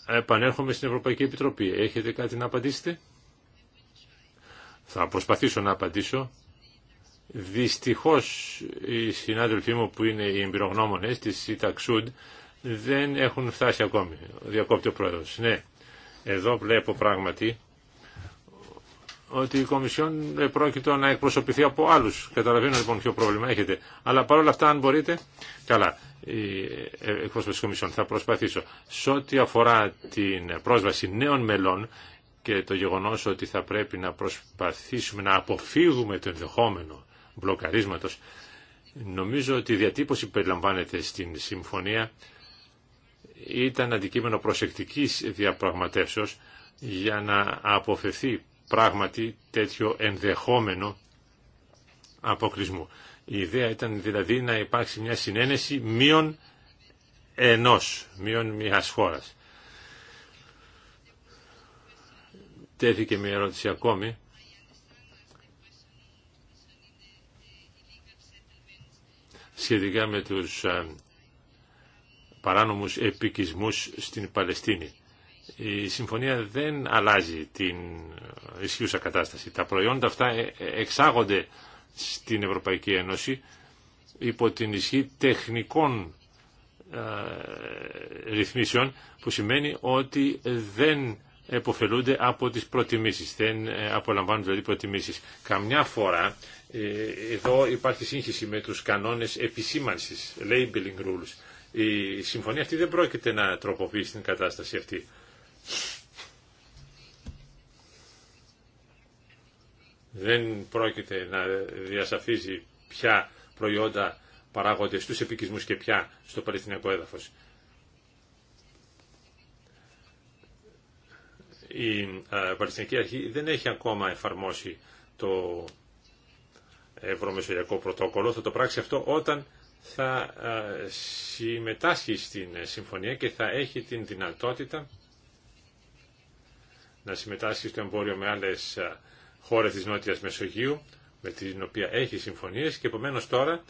Επανέρχομαι στην Ευρωπαϊκή Επιτροπή. Έχετε κάτι να απαντήσετε. Θα προσπαθήσω να απαντήσω. Δυστυχώς οι συνάδελφοί μου που είναι οι εμπειρογνώμονες της ΙΤΑΞΟΥΝΤ δεν έχουν φτάσει ακόμη. Διακόπτει ο Πρόεδρος. Ναι, εδώ βλέπω πράγματι ότι η Κομισιόν πρόκειται να εκπροσωπηθεί από άλλους. Καταλαβαίνω λοιπόν ποιο πρόβλημα έχετε. Αλλά παρόλα αυτά αν μπορείτε, καλά, η ε, εκπρόσωπη της Κομισιόν θα προσπαθήσω. Σε ό,τι αφορά την πρόσβαση νέων μελών και το γεγονός ότι θα πρέπει να προσπαθήσουμε να αποφύγουμε το ενδεχόμενο μπλοκαρίσματος, νομίζω ότι η διατύπωση που περιλαμβάνεται στην συμφωνία ήταν αντικείμενο προσεκτικής διαπραγματεύσεως για να αποφευθεί πράγματι τέτοιο ενδεχόμενο αποκλεισμού. Η ιδέα ήταν δηλαδή να υπάρξει μια συνένεση μείον ενός, μείον μιας χώρας. Τέθηκε μια ερώτηση ακόμη. σχετικά με τους παράνομους επικισμούς στην Παλαιστίνη η συμφωνία δεν αλλάζει την ισχύουσα κατάσταση. Τα προϊόντα αυτά ε, ε, εξάγονται στην Ευρωπαϊκή Ένωση υπό την ισχύ τεχνικών ε, ρυθμίσεων που σημαίνει ότι δεν εποφελούνται από τις προτιμήσεις, δεν απολαμβάνουν δηλαδή προτιμήσεις. Καμιά φορά εδώ υπάρχει σύγχυση με τους κανόνες επισήμανσης, labeling rules. Η συμφωνία αυτή δεν πρόκειται να τροποποιήσει την κατάσταση αυτή. Δεν πρόκειται να διασαφίζει ποια προϊόντα παράγονται στους επικισμούς και ποια στο Παλαιστινιακό έδαφος. Η ε, Παλαιστινική Αρχή δεν έχει ακόμα εφαρμόσει το Ευρωμεσογειακό Πρωτόκολλο. Θα το πράξει αυτό όταν θα ε, συμμετάσχει στην συμφωνία και θα έχει την δυνατότητα να συμμετάσχει στο εμπόριο με άλλε χώρε τη Νότια Μεσογείου, με την οποία έχει συμφωνίε. και επομένω τώρα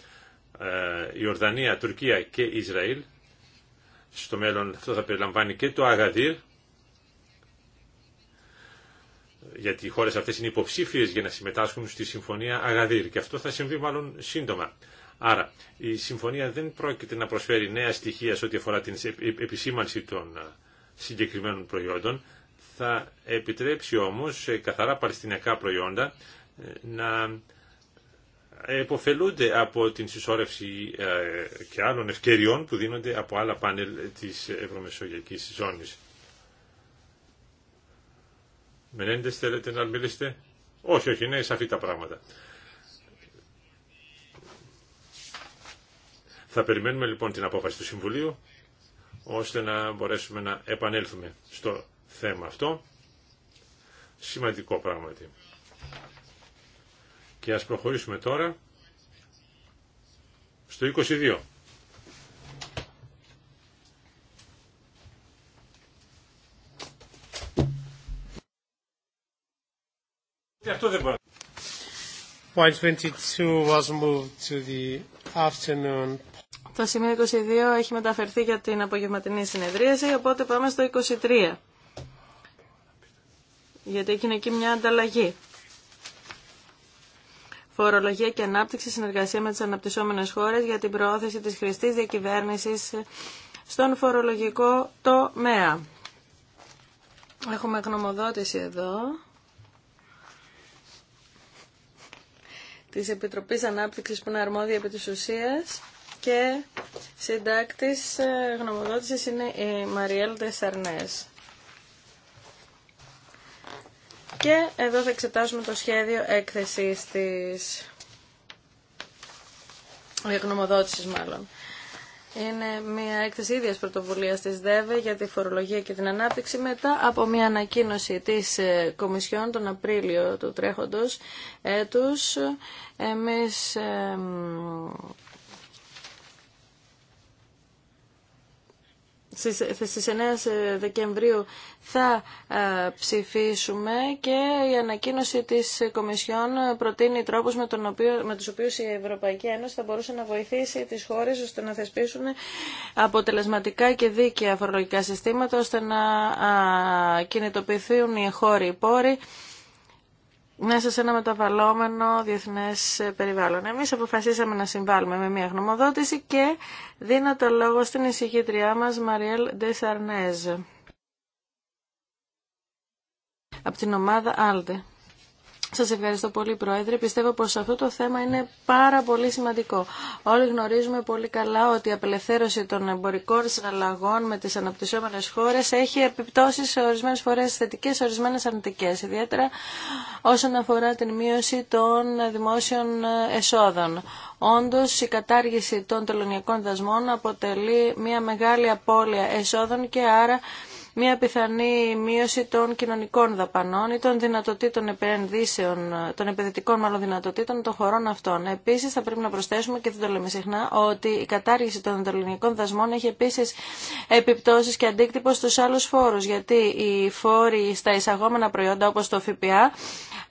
ε, η Ορδανία, Τουρκία και Ισραήλ, στο μέλλον αυτό θα περιλαμβάνει και το Αγαδίρ, γιατί οι χώρες αυτές είναι υποψήφιες για να συμμετάσχουν στη Συμφωνία Αγαδίρ και αυτό θα συμβεί μάλλον σύντομα. Άρα, η Συμφωνία δεν πρόκειται να προσφέρει νέα στοιχεία σε ό,τι αφορά την επισήμανση των ε, συγκεκριμένων προϊόντων, θα επιτρέψει όμως καθαρά παλαιστινιακά προϊόντα ε, να εποφελούνται από την συσσόρευση ε, και άλλων ευκαιριών που δίνονται από άλλα πάνελ της ευρωμεσογειακής ζώνης. Μενέντες θέλετε να μιλήσετε. Όχι, όχι, είναι σαφή τα πράγματα. Θα περιμένουμε λοιπόν την απόφαση του Συμβουλίου ώστε να μπορέσουμε να επανέλθουμε στο θέμα αυτό. Σημαντικό πράγματι. Και ας προχωρήσουμε τώρα στο 22. Ε, Point was moved to the afternoon. Το σημείο 22 έχει μεταφερθεί για την απογευματινή συνεδρίαση, οπότε πάμε στο 23 γιατί έγινε εκεί μια ανταλλαγή. Φορολογία και ανάπτυξη, συνεργασία με τις αναπτυσσόμενες χώρες για την προώθηση της χρηστής διακυβέρνησης στον φορολογικό τομέα. Έχουμε γνωμοδότηση εδώ. της Επιτροπής Ανάπτυξης που είναι αρμόδια επί της ουσίας και συντάκτης ε, γνωμοδότησης είναι η Μαριέλ Τεσσαρνές. Και εδώ θα εξετάσουμε το σχέδιο έκθεσης της γνωμοδότησης μάλλον. Είναι μια έκθεση ίδιας πρωτοβουλίας της ΔΕΒΕ για τη φορολογία και την ανάπτυξη μετά από μια ανακοίνωση της ε, Κομισιόν τον Απρίλιο του τρέχοντος έτους. Εμείς ε, στις 9 Δεκεμβρίου θα ε, ψηφίσουμε και η ανακοίνωση της Κομισιόν προτείνει τρόπους με, τον οποίο, με τους οποίους η Ευρωπαϊκή Ένωση θα μπορούσε να βοηθήσει τις χώρες ώστε να θεσπίσουν αποτελεσματικά και δίκαια φορολογικά συστήματα ώστε να κινητοποιηθούν οι χώροι οι πόροι μέσα σε ένα μεταβαλλόμενο διεθνές περιβάλλον. Εμείς αποφασίσαμε να συμβάλλουμε με μια γνωμοδότηση και δίνω το λόγο στην εισηγήτριά μας Μαριέλ Ντεσαρνέζ από την ομάδα ALDE. Σας ευχαριστώ πολύ Πρόεδρε. Πιστεύω πως αυτό το θέμα είναι πάρα πολύ σημαντικό. Όλοι γνωρίζουμε πολύ καλά ότι η απελευθέρωση των εμπορικών συναλλαγών με τις αναπτυσσόμενες χώρες έχει επιπτώσεις ορισμένες φορές θετικές, ορισμένες αρνητικές. Ιδιαίτερα όσον αφορά την μείωση των δημόσιων εσόδων. Όντω η κατάργηση των τελωνιακών δασμών αποτελεί μια μεγάλη απώλεια εσόδων και άρα μια πιθανή μείωση των κοινωνικών δαπανών ή των δυνατοτήτων επενδύσεων, των επενδυτικών μάλλον δυνατοτήτων των χωρών αυτών. Επίση, θα πρέπει να προσθέσουμε και δεν το λέμε συχνά ότι η κατάργηση των ανταλληνικών δασμών έχει επίση επιπτώσει και αντίκτυπο στου άλλου φόρου. Γιατί οι φόροι στα εισαγόμενα προϊόντα όπω το ΦΠΑ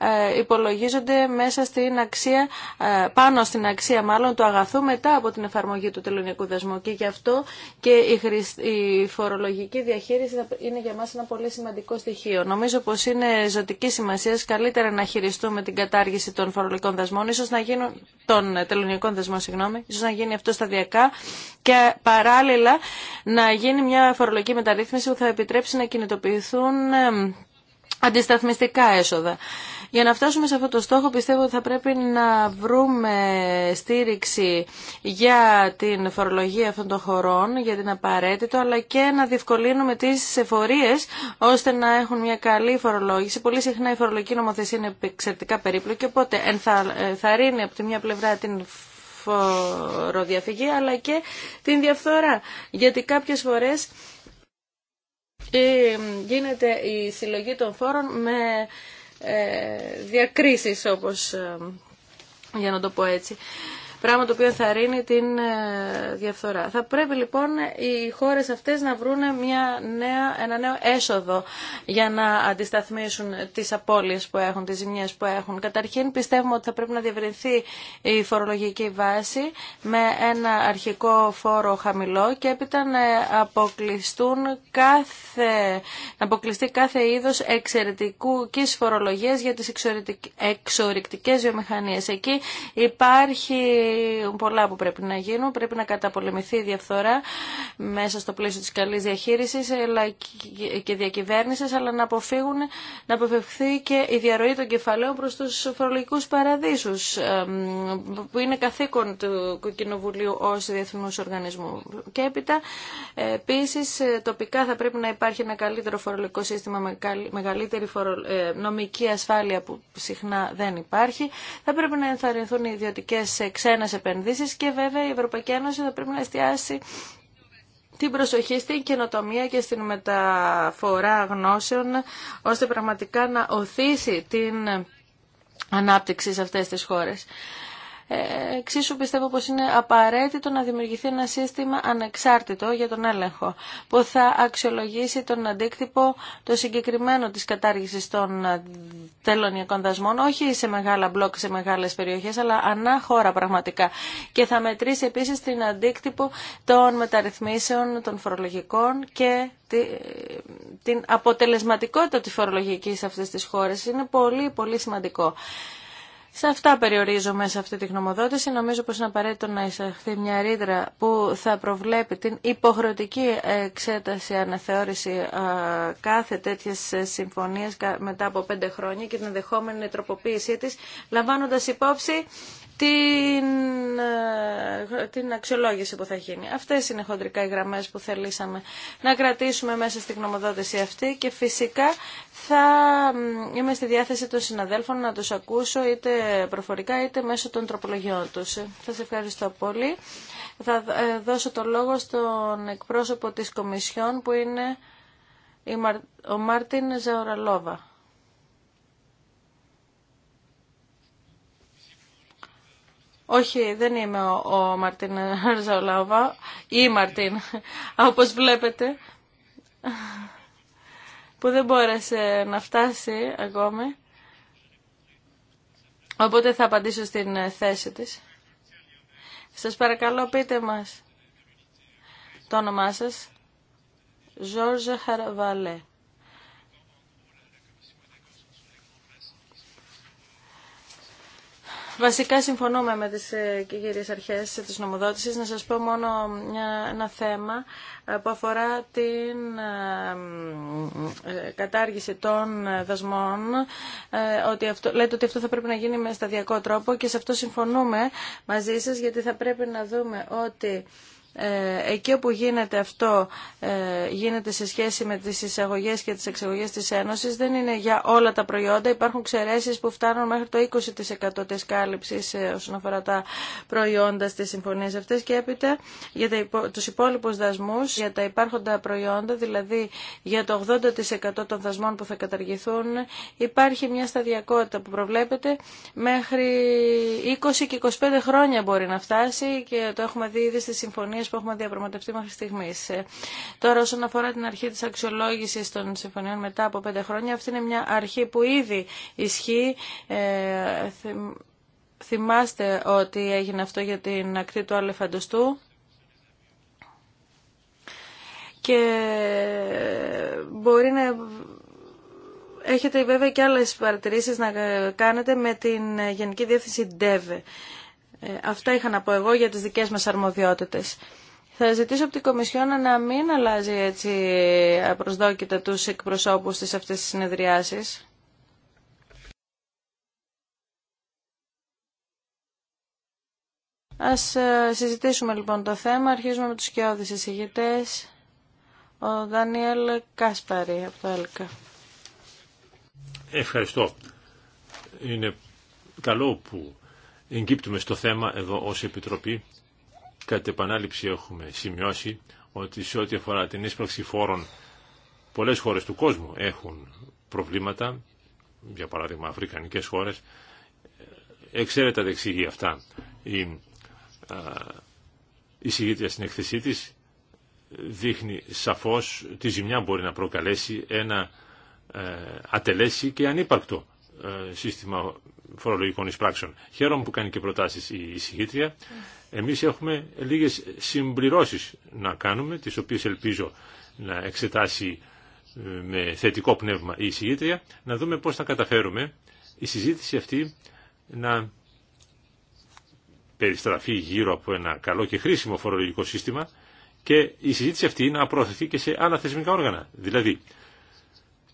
ε, υπολογίζονται μέσα στην αξία, ε, πάνω στην αξία μάλλον του αγαθού μετά από την εφαρμογή του τελωνιακού δεσμού. και γι' αυτό και η, φορολογική διαχείριση είναι για μα ένα πολύ σημαντικό στοιχείο. Νομίζω πω είναι ζωτική σημασία καλύτερα να χειριστούμε την κατάργηση των φορολογικών δασμών, ίσω να γίνουν των τελωνιακών δασμών, συγγνώμη, ίσως να γίνει αυτό σταδιακά και παράλληλα να γίνει μια φορολογική μεταρρύθμιση που θα επιτρέψει να κινητοποιηθούν αντισταθμιστικά έσοδα. Για να φτάσουμε σε αυτό το στόχο πιστεύω ότι θα πρέπει να βρούμε στήριξη για την φορολογία αυτών των χωρών, για την απαραίτητο, αλλά και να διευκολύνουμε τις εφορίες ώστε να έχουν μια καλή φορολόγηση. Πολύ συχνά η φορολογική νομοθεσία είναι εξαιρετικά περίπλοκη, οπότε θα από τη μια πλευρά την φοροδιαφυγή αλλά και την διαφθορά. Γιατί κάποιες φορές ε, γίνεται η συλλογή των φόρων με ε, διακρίσεις όπως ε, για να το πω έτσι πράγμα το οποίο θα ρίνει την ε, διαφθορά. Θα πρέπει λοιπόν οι χώρες αυτές να βρουν μια νέα, ένα νέο έσοδο για να αντισταθμίσουν τις απώλειες που έχουν, τις ζημιές που έχουν. Καταρχήν πιστεύουμε ότι θα πρέπει να διευρυνθεί η φορολογική βάση με ένα αρχικό φόρο χαμηλό και έπειτα να, αποκλειστούν κάθε, να αποκλειστεί κάθε είδος εξαιρετικού και φορολογίας για τις εξορρυκτικές βιομηχανίες. Εκεί υπάρχει πολλά που πρέπει να γίνουν. Πρέπει να καταπολεμηθεί η διαφθορά μέσα στο πλαίσιο της καλής διαχείρισης και διακυβέρνησης, αλλά να αποφύγουν, να αποφευχθεί και η διαρροή των κεφαλαίων προς τους φορολογικούς παραδείσους, που είναι καθήκον του Κοινοβουλίου ως διεθνούς οργανισμού. Και έπειτα, επίσης, τοπικά θα πρέπει να υπάρχει ένα καλύτερο φορολογικό σύστημα με μεγαλύτερη ε, νομική ασφάλεια που συχνά δεν υπάρχει. Θα πρέπει να ενθαρρυνθούν οι ιδιωτικέ και βέβαια η Ευρωπαϊκή Ένωση θα πρέπει να εστιάσει την προσοχή στην καινοτομία και στην μεταφορά γνώσεων ώστε πραγματικά να οθήσει την ανάπτυξη σε αυτές τις χώρες. Ε, εξίσου πιστεύω πως είναι απαραίτητο να δημιουργηθεί ένα σύστημα ανεξάρτητο για τον έλεγχο που θα αξιολογήσει τον αντίκτυπο το συγκεκριμένο της κατάργησης των ε, τελωνιακών δασμών όχι σε μεγάλα μπλοκ, σε μεγάλες περιοχές αλλά ανά χώρα πραγματικά και θα μετρήσει επίσης την αντίκτυπο των μεταρρυθμίσεων των φορολογικών και την αποτελεσματικότητα της φορολογικής αυτής της χώρας είναι πολύ πολύ σημαντικό. Σε αυτά περιορίζομαι σε αυτή τη γνωμοδότηση. Νομίζω πως είναι απαραίτητο να εισαχθεί μια ρήτρα που θα προβλέπει την υποχρεωτική εξέταση, αναθεώρηση κάθε τέτοια συμφωνία μετά από πέντε χρόνια και την ενδεχόμενη τροποποίησή της, λαμβάνοντας υπόψη την, ε, την αξιολόγηση που θα γίνει. Αυτές είναι χοντρικά οι γραμμές που θελήσαμε να κρατήσουμε μέσα στην γνωμοδότηση αυτή και φυσικά θα είμαι στη διάθεση των συναδέλφων να τους ακούσω είτε προφορικά είτε μέσω των τροπολογιών τους. Σας ευχαριστώ πολύ. Θα ε, δώσω το λόγο στον εκπρόσωπο της Κομισιόν που είναι ο Μάρτιν Ζαουραλόβα. Όχι, δεν είμαι ο, Μαρτίν Ζαολάβα ή Μαρτίν, όπως βλέπετε, που δεν μπόρεσε να φτάσει ακόμη. Οπότε θα απαντήσω στην θέση της. Σας παρακαλώ πείτε μας το όνομά σας. Ζόρζα Χαραβαλέ. Βασικά συμφωνούμε με τις ε, κύριες αρχές της νομοδότησης. Να σας πω μόνο ένα θέμα ε, που αφορά την ε, κατάργηση των δασμών. Ότι αυτό, λέτε ότι αυτό θα πρέπει να γίνει με σταδιακό τρόπο και σε αυτό συμφωνούμε μαζί σας γιατί θα πρέπει να δούμε ότι ε, εκεί όπου γίνεται αυτό ε, γίνεται σε σχέση με τις εισαγωγές και τις εξαγωγές της Ένωσης δεν είναι για όλα τα προϊόντα υπάρχουν ξερέσεις που φτάνουν μέχρι το 20% της κάλυψης ε, όσον αφορά τα προϊόντα στις συμφωνίες αυτές και έπειτα για τα υπο... τους υπόλοιπους δασμούς για τα υπάρχοντα προϊόντα δηλαδή για το 80% των δασμών που θα καταργηθούν υπάρχει μια σταδιακότητα που προβλέπεται μέχρι 20 και 25 χρόνια μπορεί να φτάσει και το έχουμε δει ήδη στις συμφωνίες που έχουμε διαπραγματευτεί μέχρι στιγμής. Ε, τώρα όσον αφορά την αρχή τη αξιολόγηση των συμφωνιών μετά από πέντε χρόνια, αυτή είναι μια αρχή που ήδη ισχύει. Ε, θυμάστε ότι έγινε αυτό για την ακτή του Αλεφαντοστού και μπορεί να έχετε βέβαια και άλλες παρατηρήσεις να κάνετε με την Γενική Διεύθυνση ΔΕΒΕ. Ε, αυτά είχα να πω εγώ για τις δικές μας αρμοδιότητες. Θα ζητήσω από την Κομισιόνα να μην αλλάζει έτσι προσδόκητα τους εκπροσώπους της αυτές τις συνεδριάσεις. Ας ε, συζητήσουμε λοιπόν το θέμα. Αρχίζουμε με τους σκιώδεις εισηγητές. Ο Δανιέλ Κάσπαρη από το ΕΛΚΑ. Ευχαριστώ. Είναι καλό που εγκύπτουμε στο θέμα εδώ ως Επιτροπή. Κατ' επανάληψη έχουμε σημειώσει ότι σε ό,τι αφορά την ίσπραξη φόρων πολλές χώρες του κόσμου έχουν προβλήματα, για παράδειγμα αφρικανικές χώρες. Εξαίρετα δεξίγει αυτά η εισηγήτρια στην εκθεσή της δείχνει σαφώς τι ζημιά μπορεί να προκαλέσει ένα ε, ατελέσει και ανύπαρκτο ε, σύστημα φορολογικών εισπράξεων. Χαίρομαι που κάνει και προτάσεις η εισηγήτρια. Εμείς έχουμε λίγες συμπληρώσεις να κάνουμε, τις οποίες ελπίζω να εξετάσει ε, με θετικό πνεύμα η εισηγήτρια, να δούμε πώς θα καταφέρουμε η συζήτηση αυτή να περιστραφεί γύρω από ένα καλό και χρήσιμο φορολογικό σύστημα και η συζήτηση αυτή να προωθηθεί και σε άλλα θεσμικά όργανα. Δηλαδή,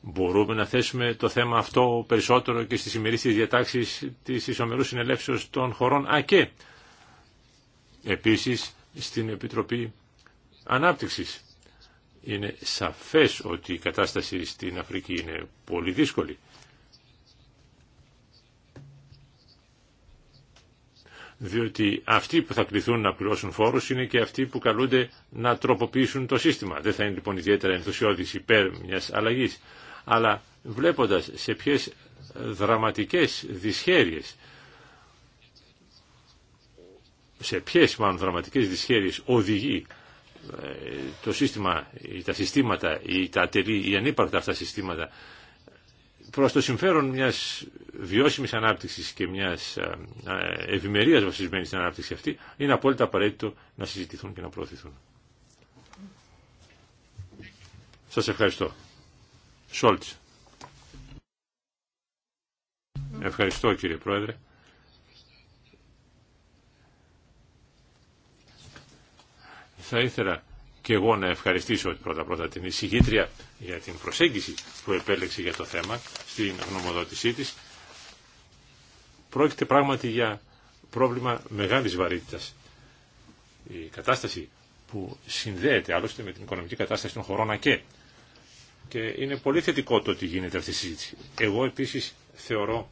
Μπορούμε να θέσουμε το θέμα αυτό περισσότερο και στις ημερήσεις διατάξεις της Ισομερούς Συνελεύσεως των χωρών ΑΚΕ. Επίσης στην Επιτροπή Ανάπτυξης. Είναι σαφές ότι η κατάσταση στην Αφρική είναι πολύ δύσκολη. διότι αυτοί που θα κληθούν να πληρώσουν φόρους είναι και αυτοί που καλούνται να τροποποιήσουν το σύστημα. Δεν θα είναι λοιπόν ιδιαίτερα ενθουσιώδης υπέρ μιας αλλαγής αλλά βλέποντας σε ποιες δραματικές δυσχέρειες σε ποιες μάλλον δραματικές δυσχέρειες οδηγεί ε, το σύστημα, τα συστήματα ή τα ατελή ή ανύπαρκτα αυτά συστήματα προς το συμφέρον μιας βιώσιμης ανάπτυξης και μιας ε, ε, ευημερίας βασισμένης στην ανάπτυξη αυτή είναι απόλυτα απαραίτητο να συζητηθούν και να προωθηθούν. Σας ευχαριστώ. Σόλτς. Ευχαριστώ κύριε Πρόεδρε. Θα ήθελα και εγώ να ευχαριστήσω πρώτα πρώτα την εισηγήτρια για την προσέγγιση που επέλεξε για το θέμα στην γνωμοδότησή της. Πρόκειται πράγματι για πρόβλημα μεγάλης βαρύτητας. Η κατάσταση που συνδέεται άλλωστε με την οικονομική κατάσταση των χωρών ΑΚΕ και είναι πολύ θετικό το ότι γίνεται αυτή η συζήτηση. Εγώ επίσης θεωρώ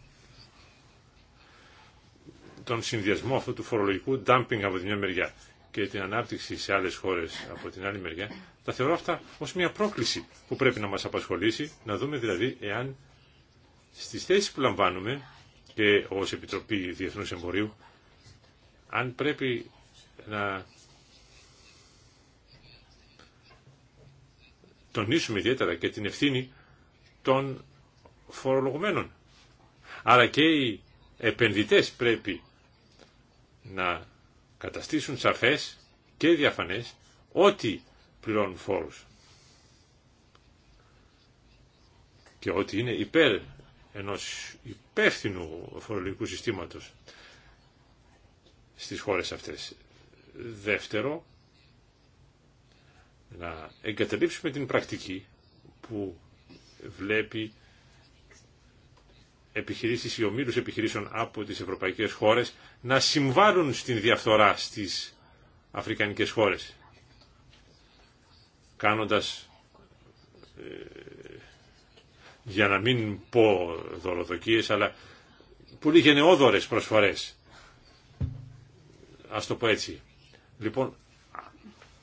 τον συνδυασμό αυτού του φορολογικού dumping από τη μια μεριά και την ανάπτυξη σε άλλες χώρες από την άλλη μεριά, τα θεωρώ αυτά ως μια πρόκληση που πρέπει να μας απασχολήσει, να δούμε δηλαδή εάν στις θέσεις που λαμβάνουμε και ως Επιτροπή Διεθνούς Εμπορίου, αν πρέπει να τονίσουμε ιδιαίτερα και την ευθύνη των φορολογουμένων. Άρα και οι επενδυτές πρέπει να καταστήσουν σαφές και διαφανές ότι πληρώνουν φόρους και ότι είναι υπέρ ενός υπεύθυνου φορολογικού συστήματος στις χώρες αυτές. Δεύτερο, να εγκαταλείψουμε την πρακτική που βλέπει επιχειρήσεις ή ομίλους επιχειρήσεων από τις ευρωπαϊκές χώρες να συμβάλλουν στην διαφθορά στις αφρικανικές χώρες κάνοντας ε, για να μην πω δωροδοκίες αλλά πολύ γενναιόδορες προσφορές ας το πω έτσι λοιπόν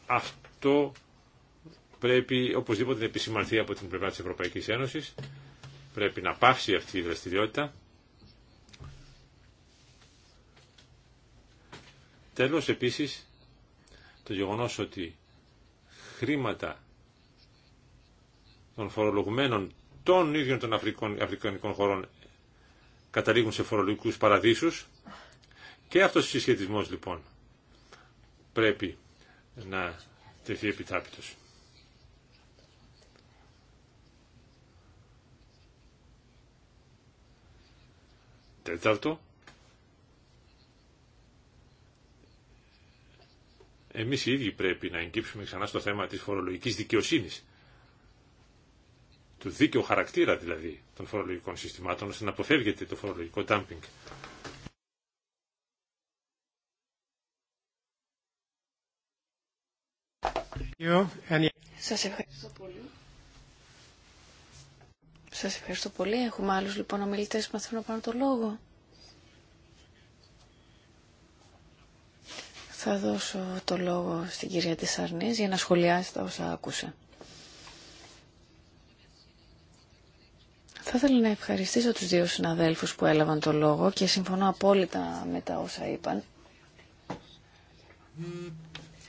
αυτό πρέπει οπωσδήποτε να επισημανθεί από την πλευρά της Ευρωπαϊκής Ένωσης. Πρέπει να πάυσει αυτή η δραστηριότητα. Τέλος επίσης το γεγονός ότι χρήματα των φορολογουμένων των ίδιων των αφρικανικών χωρών καταλήγουν σε φορολογικούς παραδείσους και αυτός ο συσχετισμός λοιπόν πρέπει να τεθεί επιτάπητος. Τέταρτο, εμείς οι ίδιοι πρέπει να εγκύψουμε ξανά στο θέμα της φορολογικής δικαιοσύνης, του δίκαιου χαρακτήρα δηλαδή των φορολογικών συστημάτων, ώστε να αποφεύγεται το φορολογικό dumping. Σας ευχαριστώ πολύ. Σας ευχαριστώ πολύ. Έχουμε άλλους λοιπόν ομιλητές που μας θέλουν να πάρουν το λόγο. Θα δώσω το λόγο στην κυρία της Αρνής για να σχολιάσει τα όσα άκουσε. Θα ήθελα να ευχαριστήσω τους δύο συναδέλφους που έλαβαν το λόγο και συμφωνώ απόλυτα με τα όσα είπαν.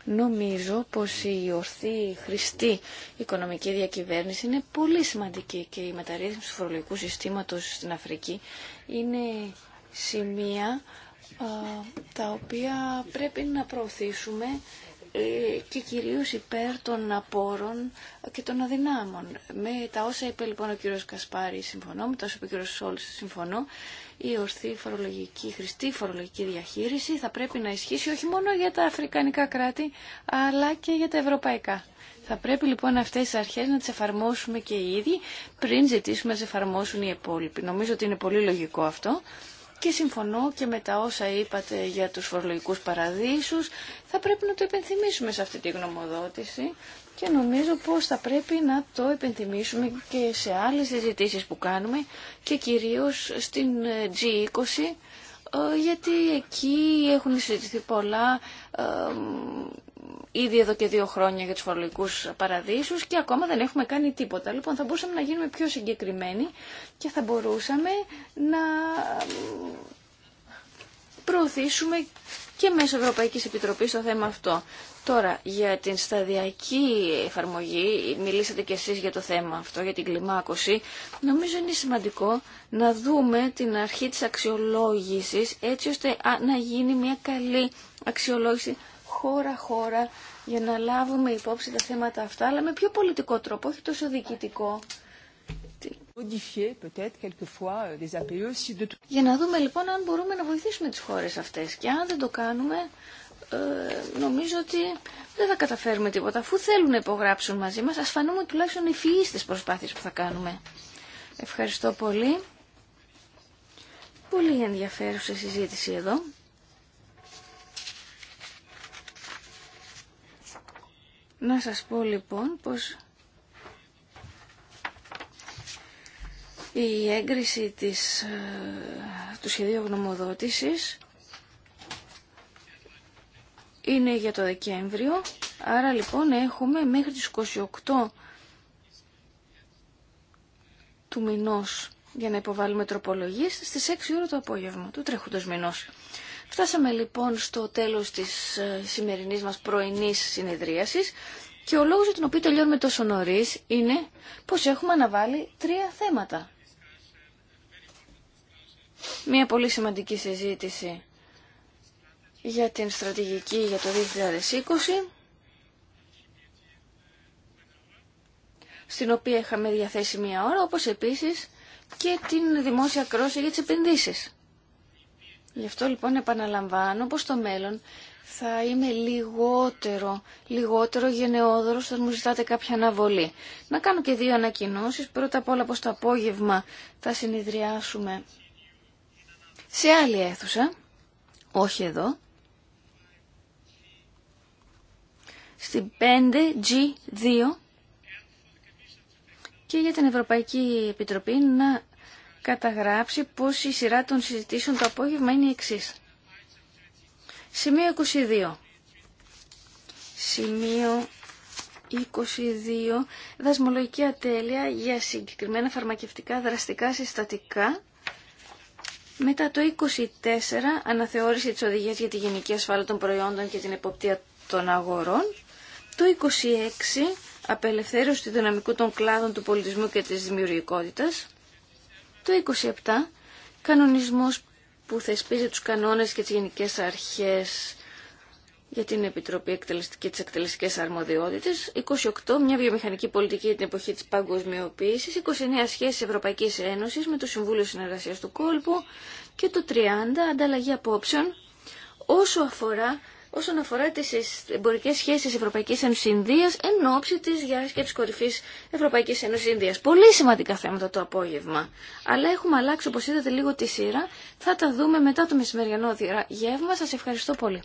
Νομίζω πως η ορθή χρηστή οικονομική διακυβέρνηση είναι πολύ σημαντική και η μεταρρύθμιση του φορολογικού συστήματος στην Αφρική είναι σημεία τα οποία πρέπει να προωθήσουμε ε, και κυρίως υπέρ των απόρων και των αδυνάμων. Με τα όσα είπε λοιπόν ο κύριος Κασπάρη συμφωνώ, με τα όσα είπε ο κύριος Σόλς συμφωνώ, η ορθή φορολογική, χρηστή φορολογική διαχείριση θα πρέπει να ισχύσει όχι μόνο για τα αφρικανικά κράτη, αλλά και για τα ευρωπαϊκά. Θα πρέπει λοιπόν αυτές τις αρχές να τις εφαρμόσουμε και οι ίδιοι πριν ζητήσουμε να τις εφαρμόσουν οι υπόλοιποι. Νομίζω ότι είναι πολύ λογικό αυτό και συμφωνώ και με τα όσα είπατε για τους φορολογικούς παραδείσους. Θα πρέπει να το επενθυμίσουμε σε αυτή τη γνωμοδότηση και νομίζω πως θα πρέπει να το επενθυμίσουμε και σε άλλες συζητήσει που κάνουμε και κυρίως στην ε, G20 ε, γιατί εκεί έχουν συζητηθεί πολλά ε, ήδη εδώ και δύο χρόνια για τους φορολογικούς παραδείσους και ακόμα δεν έχουμε κάνει τίποτα. Λοιπόν, θα μπορούσαμε να γίνουμε πιο συγκεκριμένοι και θα μπορούσαμε να προωθήσουμε και μέσω Ευρωπαϊκής Επιτροπής το θέμα αυτό. Τώρα, για την σταδιακή εφαρμογή, μιλήσατε και εσείς για το θέμα αυτό, για την κλιμάκωση, νομίζω είναι σημαντικό να δούμε την αρχή της αξιολόγησης, έτσι ώστε να γίνει μια καλή αξιολόγηση χώρα-χώρα για να λάβουμε υπόψη τα θέματα αυτά, αλλά με πιο πολιτικό τρόπο, όχι τόσο διοικητικό. Euh, e για να δούμε λοιπόν αν μπορούμε να βοηθήσουμε τις χώρες αυτές και αν δεν το κάνουμε ε, νομίζω ότι δεν θα καταφέρουμε τίποτα. Αφού θέλουν να υπογράψουν μαζί μας, ας φανούμε τουλάχιστον ευφυείς στις προσπάθειες που θα κάνουμε. Ευχαριστώ πολύ. Πολύ ενδιαφέρουσα συζήτηση εδώ. Να σας πω λοιπόν πως η έγκριση της, ε, του σχεδίου γνωμοδότησης είναι για το Δεκέμβριο, άρα λοιπόν έχουμε μέχρι τις 28 του μηνός για να υποβάλουμε τροπολογίες στις 6 ώρα το απόγευμα του τρέχοντος μηνός. Φτάσαμε λοιπόν στο τέλος της ε, σημερινής μας πρωινής συνεδρίασης και ο λόγος για τον οποίο τελειώνουμε τόσο νωρί είναι πως έχουμε αναβάλει τρία θέματα. Μία πολύ σημαντική συζήτηση για την στρατηγική για το 2020 στην οποία είχαμε διαθέσει μία ώρα, όπως επίσης και την δημόσια κρόση για τις επενδύσεις. Γι' αυτό λοιπόν επαναλαμβάνω πως στο μέλλον θα είμαι λιγότερο, λιγότερο γενναιόδωρος όταν μου ζητάτε κάποια αναβολή. Να κάνω και δύο ανακοινώσεις. Πρώτα απ' όλα πως το απόγευμα θα συνειδριάσουμε σε άλλη αίθουσα, όχι εδώ, στην 5G2 και για την Ευρωπαϊκή Επιτροπή να καταγράψει πως η σειρά των συζητήσεων το απόγευμα είναι η εξής. Σημείο 22. Σημείο 22. Δασμολογική ατέλεια για συγκεκριμένα φαρμακευτικά δραστικά συστατικά. Μετά το 24, αναθεώρηση της οδηγίας για τη γενική ασφάλεια των προϊόντων και την εποπτεία των αγορών. Το 26, απελευθέρωση του δυναμικού των κλάδων του πολιτισμού και της δημιουργικότητας. Το 27, κανονισμός που θεσπίζει τους κανόνες και τις γενικές αρχές για την Επιτροπή και τις εκτελεστικές αρμοδιότητες. 28, μια βιομηχανική πολιτική για την εποχή της παγκοσμιοποίησης. 29, σχέσεις Ευρωπαϊκής Ένωσης με το Συμβούλιο Συνεργασίας του Κόλπου. Και το 30, ανταλλαγή απόψεων όσο αφορά όσον αφορά τι εμπορικές σχέσεις Ευρωπαϊκής Ευρωπαϊκή Ινδίας εν ώψη της διάσκεψη κορυφη Ευρωπαϊκής Ευρωπαϊκή Ινδίας. Πολύ σημαντικά θέματα το απόγευμα. Αλλά έχουμε αλλάξει, όπω είδατε, λίγο τη σειρά. Θα τα δούμε μετά το μεσημεριανό γεύμα. Σα ευχαριστώ πολύ.